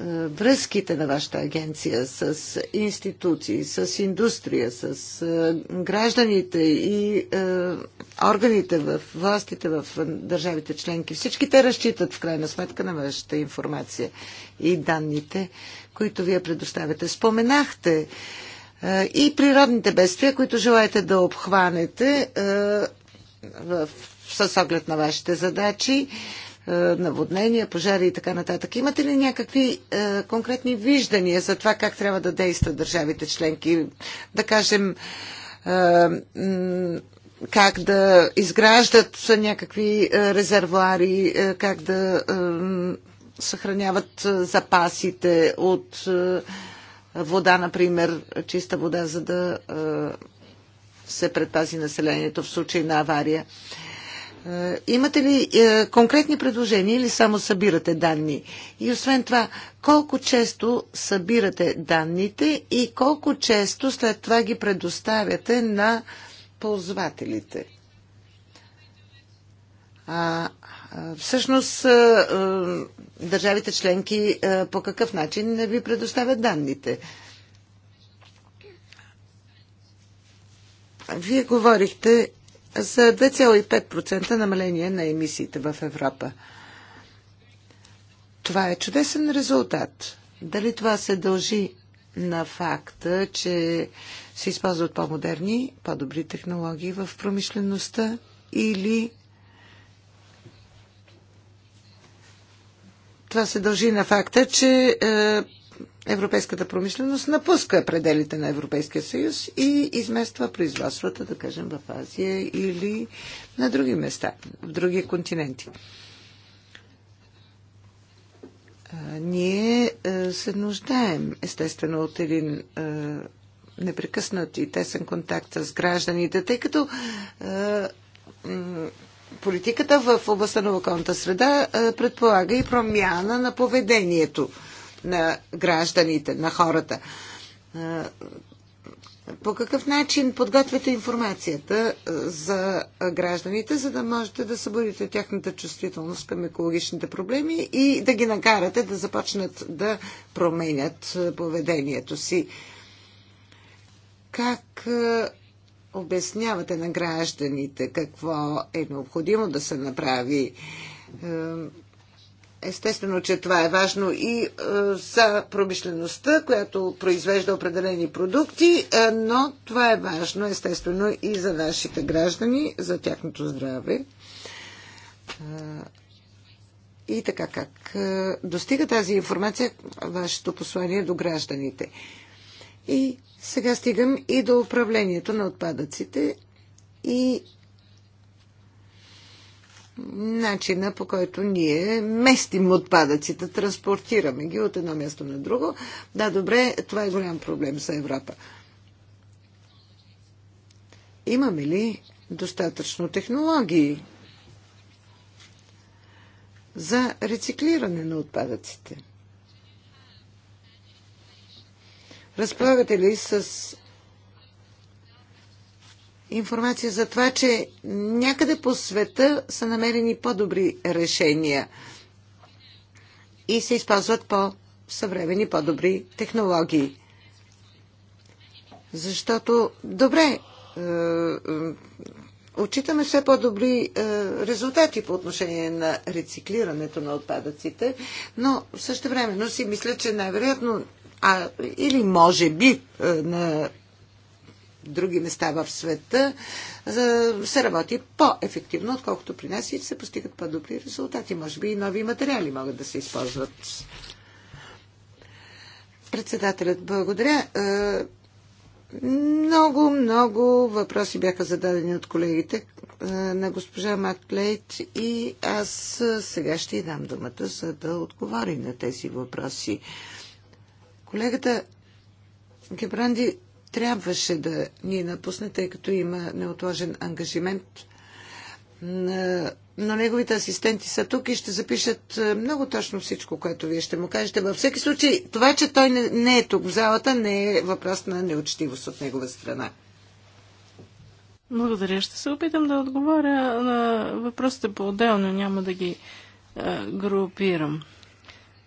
връзките на вашата агенция с институции, с индустрия, с е, гражданите и е, органите в властите в държавите членки. Всички те разчитат в крайна сметка на вашата информация и данните, които вие предоставяте. Споменахте е, и природните бедствия, които желаете да обхванете в, с оглед на вашите задачи. Е, наводнения, пожари и така нататък. Имате ли някакви е, конкретни виждания за това как трябва да действат държавите членки? Да кажем, е, как да изграждат някакви резервуари, как да съхраняват запасите от вода, например, чиста вода, за да се предпази населението в случай на авария. Е, имате ли е, конкретни предложения или само събирате данни? И освен това, колко често събирате данните и колко често след това ги предоставяте на ползвателите? А, всъщност, е, държавите членки по какъв начин не ви предоставят данните? Вие говорихте за 2,5% намаление на емисиите в Европа. Това е чудесен резултат. Дали това се дължи на факта, че се използват по-модерни, по-добри технологии в промишлеността или това се дължи на факта, че е, европейската промишленост напуска пределите на Европейския съюз и измества производствата, да кажем, в Азия или на други места, в други континенти. Ние се нуждаем, естествено, от един непрекъснат и тесен контакт с гражданите, тъй като политиката в областта на околната среда предполага и промяна на поведението на гражданите, на хората. По какъв начин подготвяте информацията за гражданите, за да можете да събудите тяхната чувствителност към екологичните проблеми и да ги накарате да започнат да променят поведението си? Как обяснявате на гражданите какво е необходимо да се направи? Естествено, че това е важно и е, за промишлеността, която произвежда определени продукти, е, но това е важно, естествено, и за нашите граждани, за тяхното здраве. Е, и така как достига тази информация, вашето послание до гражданите. И сега стигам и до управлението на отпадъците и начина по който ние местим отпадъците, транспортираме ги от едно място на друго. Да, добре, това е голям проблем за Европа. Имаме ли достатъчно технологии за рециклиране на отпадъците? Разполагате ли с информация за това, че някъде по света са намерени по-добри решения и се използват по-съвремени, по-добри технологии. Защото, добре, е, е отчитаме все по-добри е, резултати по отношение на рециклирането на отпадъците, но също времено си мисля, че най-вероятно а, или може би е, на други места в света се работи по-ефективно, отколкото при нас и се постигат по-добри резултати. Може би и нови материали могат да се използват. Председателят, благодаря. Е, много, много въпроси бяха зададени от колегите е, на госпожа Маклейт и аз сега ще й дам думата, за да отговори на тези въпроси. Колегата Гебранди трябваше да ни напусне, тъй като има неотложен ангажимент. Но неговите асистенти са тук и ще запишат е, много точно всичко, което вие ще му кажете. Във всеки случай, това, че той не е тук в залата, не е въпрос на неучтивост от негова страна. Благодаря. Ще се опитам да отговоря на въпросите по-отделно. Няма да ги е, групирам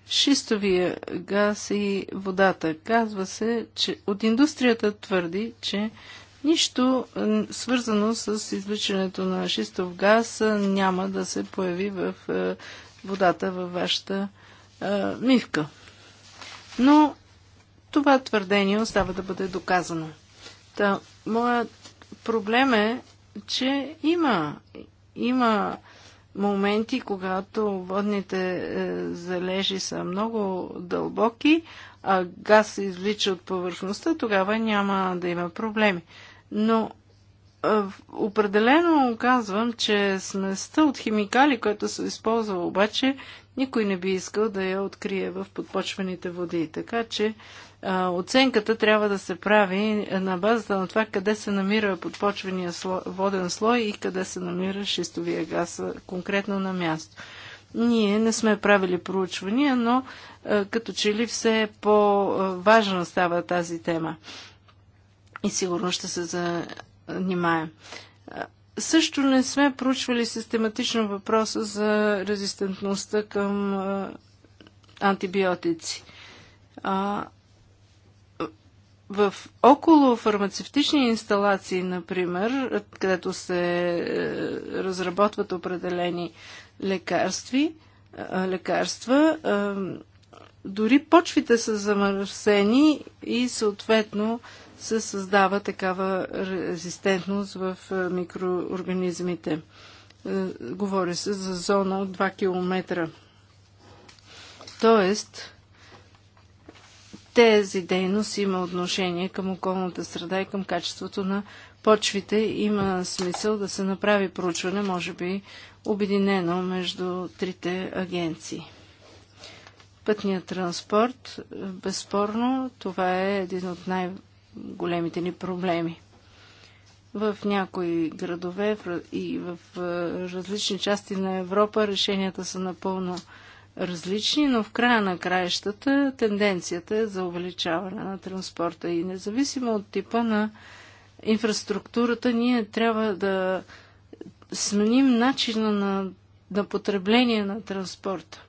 шистовия газ и водата. Казва се, че от индустрията твърди, че нищо свързано с извличането на шистов газ няма да се появи в водата във вашата мивка. Но това твърдение остава да бъде доказано. Та, моят проблем е, че има, има моменти, когато водните е, залежи са много дълбоки, а газ се извлича от повърхността, тогава няма да има проблеми. Но е, определено казвам, че сместа от химикали, която се използва обаче, никой не би искал да я открие в подпочвените води. Така че оценката трябва да се прави на базата на това къде се намира подпочвения слой, воден слой и къде се намира шистовия газ конкретно на място. Ние не сме правили проучвания, но като че ли все е по-важна става тази тема. И сигурно ще се занимаем. Също не сме проучвали систематично въпроса за резистентността към антибиотици. А, в около фармацевтични инсталации, например, където се е, разработват определени лекарстви, е, лекарства, е, дори почвите са замърсени и съответно се създава такава резистентност в микроорганизмите. Говори се за зона от 2 км. Тоест, тези дейност има отношение към околната среда и към качеството на почвите. Има смисъл да се направи проучване, може би обединено между трите агенции. Пътният транспорт, безспорно, това е един от най-големите ни проблеми. В някои градове и в различни части на Европа решенията са напълно различни, но в края на краищата тенденцията е за увеличаване на транспорта и независимо от типа на инфраструктурата, ние трябва да сменим начина на, на потребление на транспорта.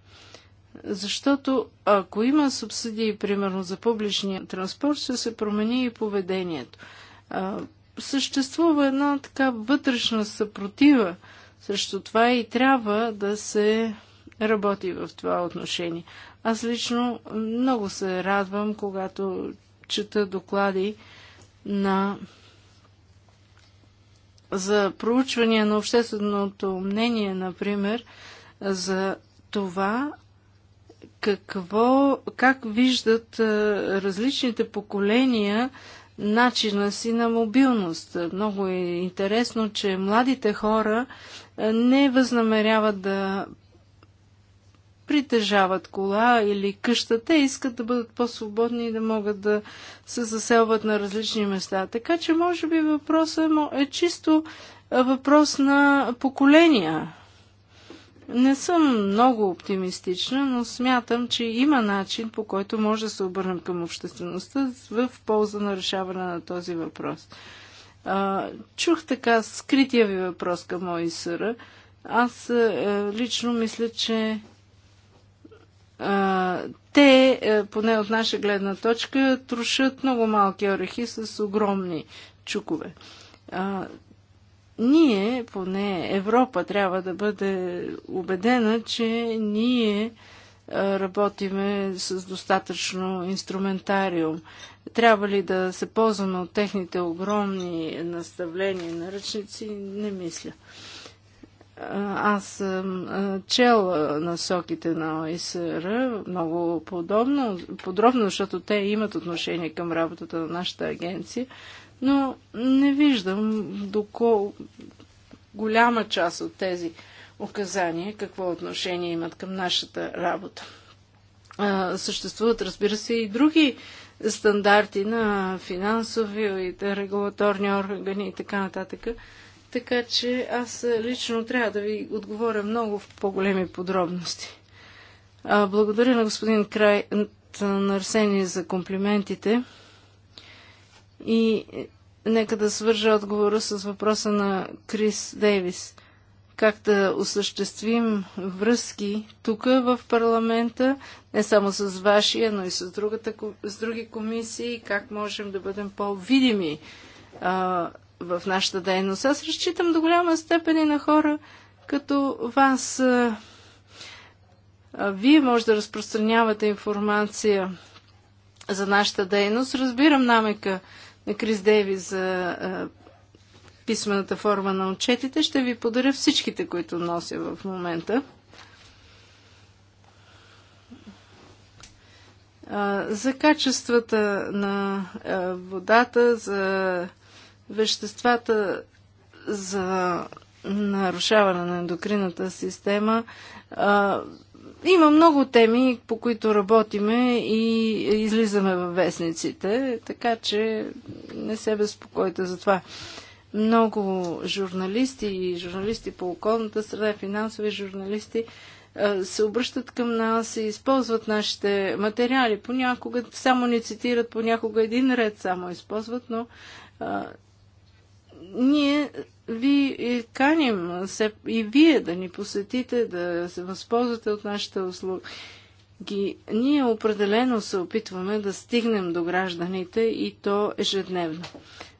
Защото ако има субсидии, примерно за публичния транспорт, ще се промени и поведението. А, съществува една така вътрешна съпротива срещу това и трябва да се работи в това отношение. Аз лично много се радвам, когато чета доклади на за проучвания на общественото мнение, например, за това какво, как виждат различните поколения начина си на мобилност. Много е интересно, че младите хора не възнамеряват да притежават кола или къща. Те искат да бъдат по-свободни и да могат да се заселват на различни места. Така че, може би, въпросът е, е чисто въпрос на поколения. Не съм много оптимистична, но смятам, че има начин, по който може да се обърнем към обществеността в полза на решаване на този въпрос. чух така скрития ви въпрос към ОИСР. Аз е, лично мисля, че те, е, поне от наша гледна точка, трошат много малки орехи с огромни чукове. А, ние, поне Европа, трябва да бъде убедена, че ние е, работиме с достатъчно инструментариум. Трябва ли да се ползваме от техните огромни наставления на ръчници? Не мисля. Аз съм чел насоките на ОИСР много подобно, подробно, защото те имат отношение към работата на нашата агенция, но не виждам доколко голяма част от тези указания какво отношение имат към нашата работа. Съществуват, разбира се, и други стандарти на финансови и регулаторни органи и така нататък. Така че аз е, лично трябва да ви отговоря много в по-големи подробности. А, благодаря на господин Край на Арсений за комплиментите. И е, нека да свържа отговора с въпроса на Крис Дейвис. Как да осъществим връзки тук в парламента, не само с вашия, но и с, другата, с други комисии, как можем да бъдем по-видими в нашата дейност. Аз разчитам до голяма степен и на хора като вас. Вие може да разпространявате информация за нашата дейност. Разбирам намека на Крис Дейви за писмената форма на отчетите. Ще ви подаря всичките, които нося в момента. За качествата на водата, за веществата за нарушаване на ендокринната система. А, има много теми, по които работиме и излизаме във вестниците, така че не се безпокойте за това. Много журналисти и журналисти по околната среда, финансови журналисти, се обръщат към нас и използват нашите материали. Понякога само ни цитират, понякога един ред само използват, но ние ви каним и вие да ни посетите, да се възползвате от нашите услуги. Ние определено се опитваме да стигнем до гражданите и то ежедневно.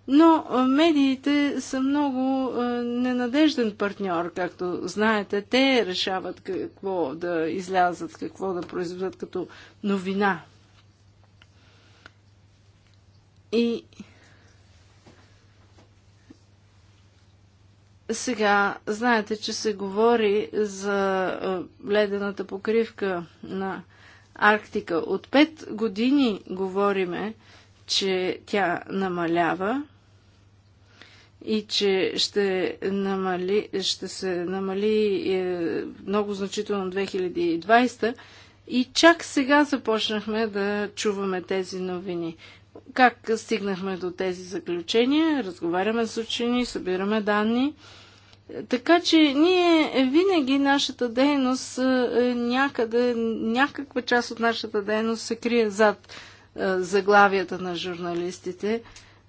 Но медиите са много ненадежден партньор, както знаете. Те решават какво да излязат, какво да произведат като новина. И Сега, знаете, че се говори за ледената покривка на Арктика. От пет години говориме, че тя намалява и че ще, намали, ще се намали е, много значително 2020 и чак сега започнахме да чуваме тези новини. Как стигнахме до тези заключения? Разговаряме с учени, събираме данни. Така че ние винаги нашата дейност е, някъде, някаква част от нашата дейност се крие зад е, заглавията на журналистите.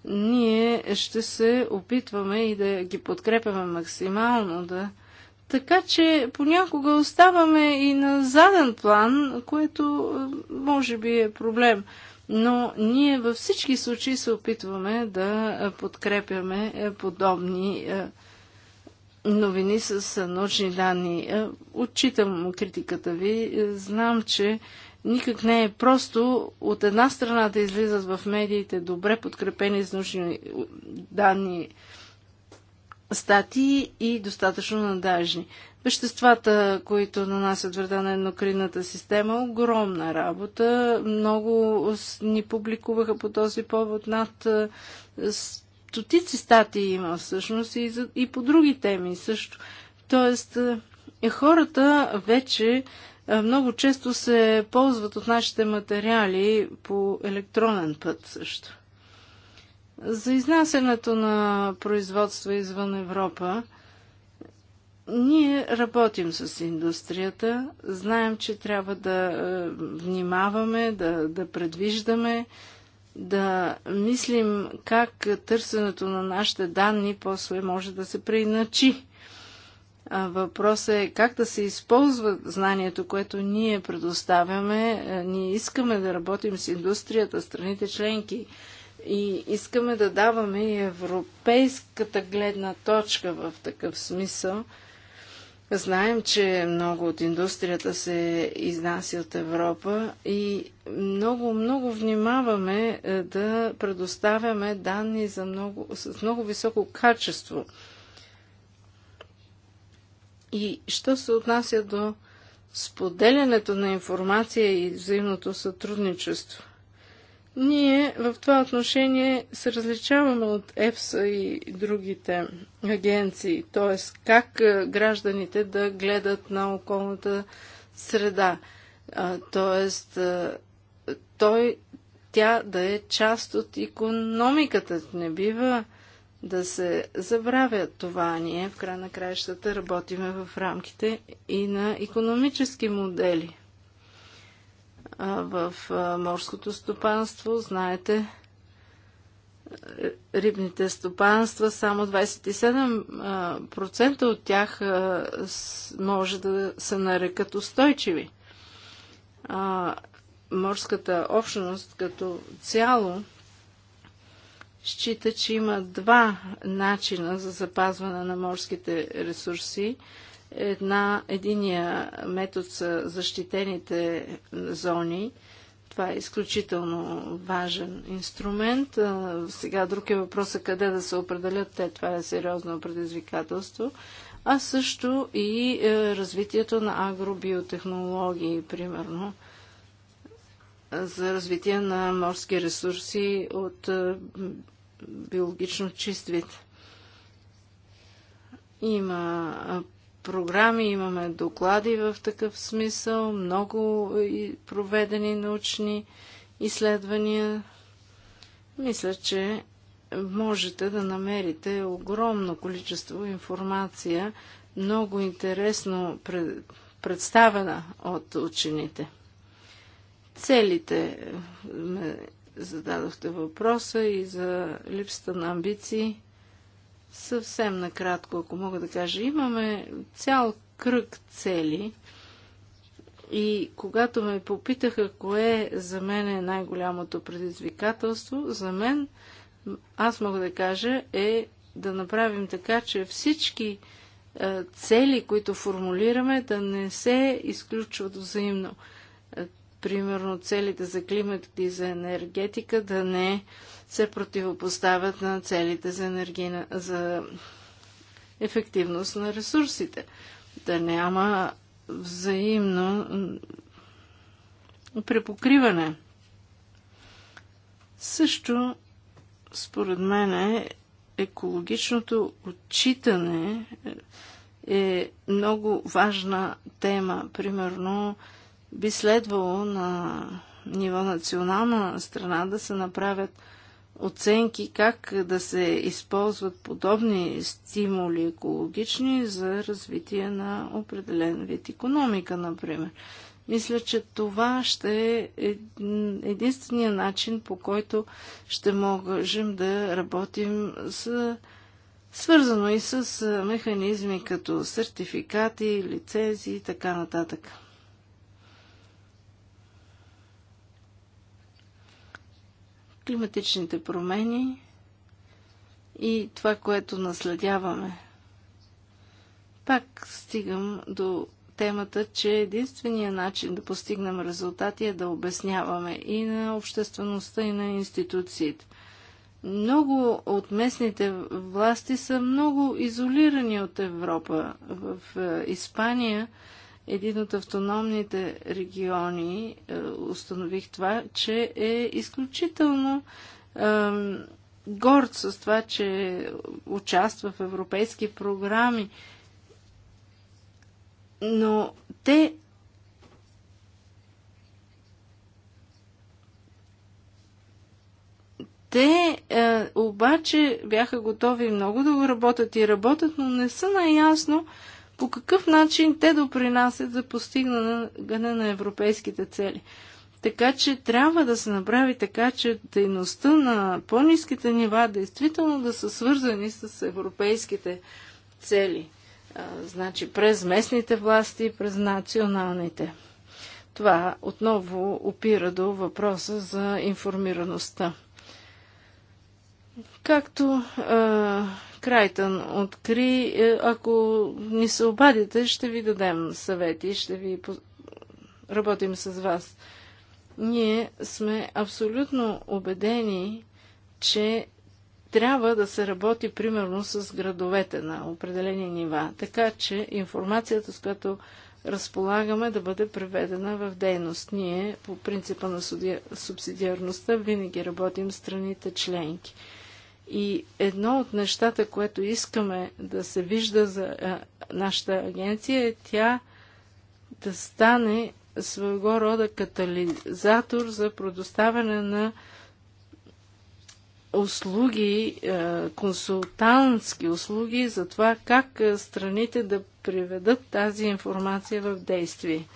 Ние ще се опитваме и да ги подкрепяме максимално, да. Така че понякога оставаме и на заден план, което е, може би е проблем но ние във всички случаи се опитваме да подкрепяме подобни новини с научни данни. Отчитам критиката ви. Знам, че никак не е просто от една страна да излизат в медиите добре подкрепени с научни данни статии и достатъчно надажни. Веществата, които нанасят вреда на еднокринната система, огромна работа. Много ни публикуваха по този повод над стотици статии има всъщност и, за, и по други теми също. Тоест, е, хората вече е, много често се ползват от нашите материали по електронен път също. За изнасянето на производство извън Европа, ние работим с индустрията, знаем, че трябва да е, внимаваме, да, да предвиждаме, да мислим как търсенето на нашите данни после може да се преиначи. Въпросът е как да се използва знанието, което ние предоставяме. Е, ние искаме да работим с индустрията, страните членки, и искаме да даваме и европейската гледна точка в такъв смисъл. Знаем, че много от индустрията се изнася от Европа и много, много внимаваме е, да предоставяме данни за много, с много високо качество. И що се отнася до споделянето на информация и взаимното сътрудничество – ние в това отношение се различаваме от ЕФСА и другите агенции, т.е. как гражданите да гледат на околната среда. Т.е. той, тя да е част от економиката. Не бива да се забравя това. Ние в край на краищата работиме в рамките и на економически модели в морското стопанство. Знаете, е, рибните стопанства, само 27% от тях може да се нарекат устойчиви. Морската общност като цяло счита, че има два начина за запазване на морските ресурси Една, единия метод са защитените зони. Това е изключително важен инструмент. Сега друг е въпросът къде да се определят те. Това е сериозно предизвикателство. А също и е, развитието на агробиотехнологии, примерно за развитие на морски ресурси от е, биологично чист вид. Има програми, имаме доклади в такъв смисъл, много проведени научни изследвания. Мисля, че можете да намерите огромно количество информация, много интересно представена от учените. Целите ме зададохте въпроса и за липсата на амбиции. Съвсем накратко, ако мога да кажа, имаме цял кръг цели. И когато ме попитаха кое за мен е най-голямото предизвикателство, за мен, аз мога да кажа, е да направим така, че всички е, цели, които формулираме, да не се изключват взаимно. Е, примерно целите за климат и за енергетика да не е, се противопоставят на целите за, енергийна, за ефективност на ресурсите. Да няма взаимно препокриване. Също, според мен, екологичното отчитане е много важна тема. Примерно, би следвало на ниво национална страна да се направят оценки как да се използват подобни стимули екологични за развитие на определен вид економика, например. Мисля, че това ще е единствения начин, по който ще можем да работим с, свързано и с механизми като сертификати, лицензии и така нататък. климатичните промени и това, което наследяваме. Пак стигам до темата, че единствения начин да постигнем резултати е да обясняваме и на обществеността, и на институциите. Много от местните власти са много изолирани от Европа. В е, Испания един от автономните региони, е, установих това, че е изключително горд с това, че участва в европейски програми. Но те Те е, обаче бяха готови много да го работят и работят, но не са наясно по какъв начин те допринасят за постигане на европейските цели. Така че трябва да се направи така, че дейността на по-низките нива действително да са свързани с европейските цели. А, значи през местните власти, през националните. Това отново опира до въпроса за информираността. Както а, Крайтън откри. Е, ако ни се обадите, ще ви дадем съвети, ще ви работим с вас. Ние сме абсолютно убедени, че трябва да се работи примерно с градовете на определени нива, така че информацията, с която разполагаме, да бъде преведена в дейност. Ние, по принципа на субсидиарността, винаги работим страните членки. И едно от нещата, което искаме да се вижда за нашата агенция е тя да стане своего рода катализатор за предоставяне на услуги, консултантски услуги за това как страните да приведат тази информация в действие.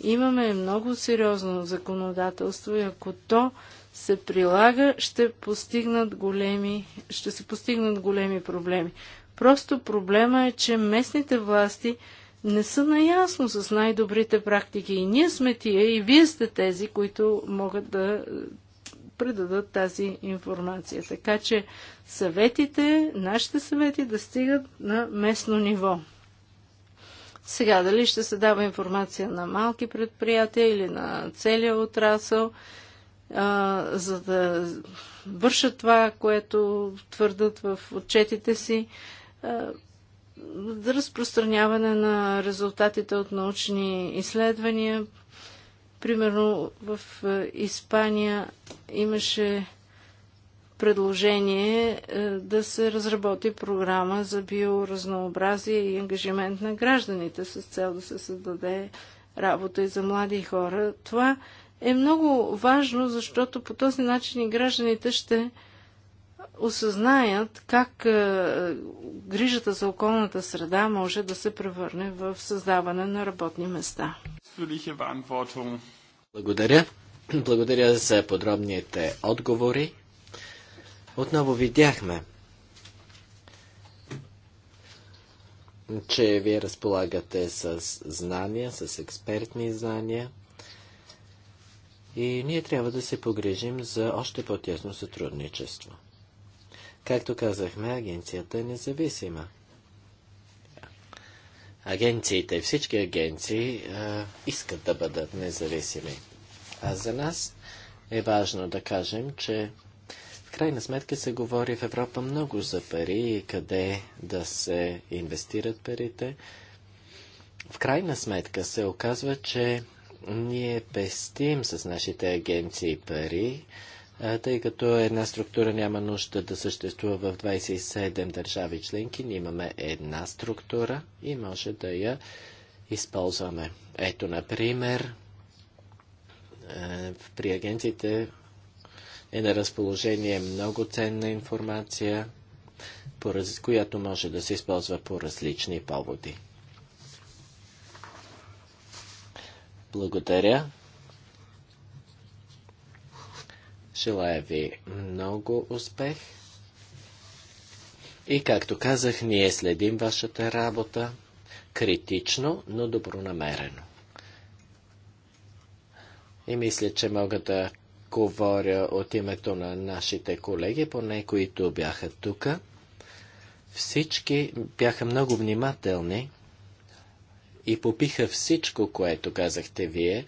Имаме много сериозно законодателство и ако то се прилага, ще, постигнат големи, ще се постигнат големи проблеми. Просто проблема е, че местните власти не са наясно с най-добрите практики. И ние сме тия, и вие сте тези, които могат да е, предадат тази информация. Така че съветите, нашите съвети да стигат на местно ниво. Сега дали ще се дава информация на малки предприятия или на целия отрасъл, а, за да вършат това, което твърдат в отчетите си, а, за разпространяване на резултатите от научни изследвания. Примерно в Испания имаше предложение да се разработи програма за биоразнообразие и ангажимент на гражданите с цел да се създаде работа и за млади хора. Това е много важно, защото по този начин и гражданите ще осъзнаят как е, грижата за околната среда може да се превърне в създаване на работни места. Благодаря. Благодаря за подробните отговори. Отново видяхме, че вие разполагате с знания, с експертни знания. И ние трябва да се погрежим за още по тесно сътрудничество. Както казахме, агенцията е независима. Агенциите, всички агенции а, искат да бъдат независими. А за нас е важно да кажем, че в крайна сметка се говори в Европа много за пари и къде да се инвестират парите. В крайна сметка се оказва, че ние пестим с нашите агенции пари, тъй като една структура няма нужда да съществува в 27 държави членки. Ние имаме една структура и може да я използваме. Ето, например, при агенциите е на разположение много ценна информация, която може да се използва по различни поводи. Благодаря. Желая ви много успех. И както казах, ние следим вашата работа критично, но добронамерено. И мисля, че мога да говоря от името на нашите колеги, поне които бяха тук. Всички бяха много внимателни и попиха всичко, което казахте вие.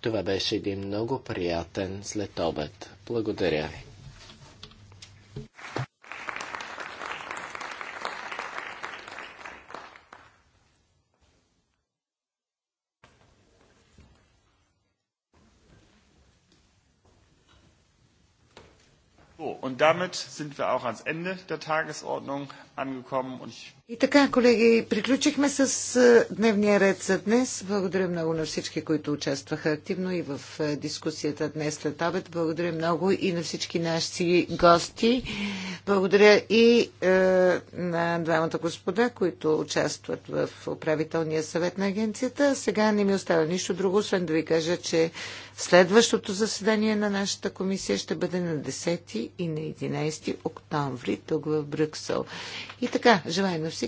Това беше един много приятен следобед. Благодаря ви. Und damit sind wir auch ans Ende der Tagesordnung angekommen. Und ich и така, колеги, приключихме с дневния ред за днес. Благодаря много на всички, които участваха активно и в дискусията днес след обед. Благодаря много и на всички наши гости. Благодаря и е, на двамата господа, които участват в управителния съвет на агенцията. Сега не ми остава нищо друго, освен да ви кажа, че следващото заседание на нашата комисия ще бъде на 10 и на 11 октомври тук в Брюксел. И така, желая на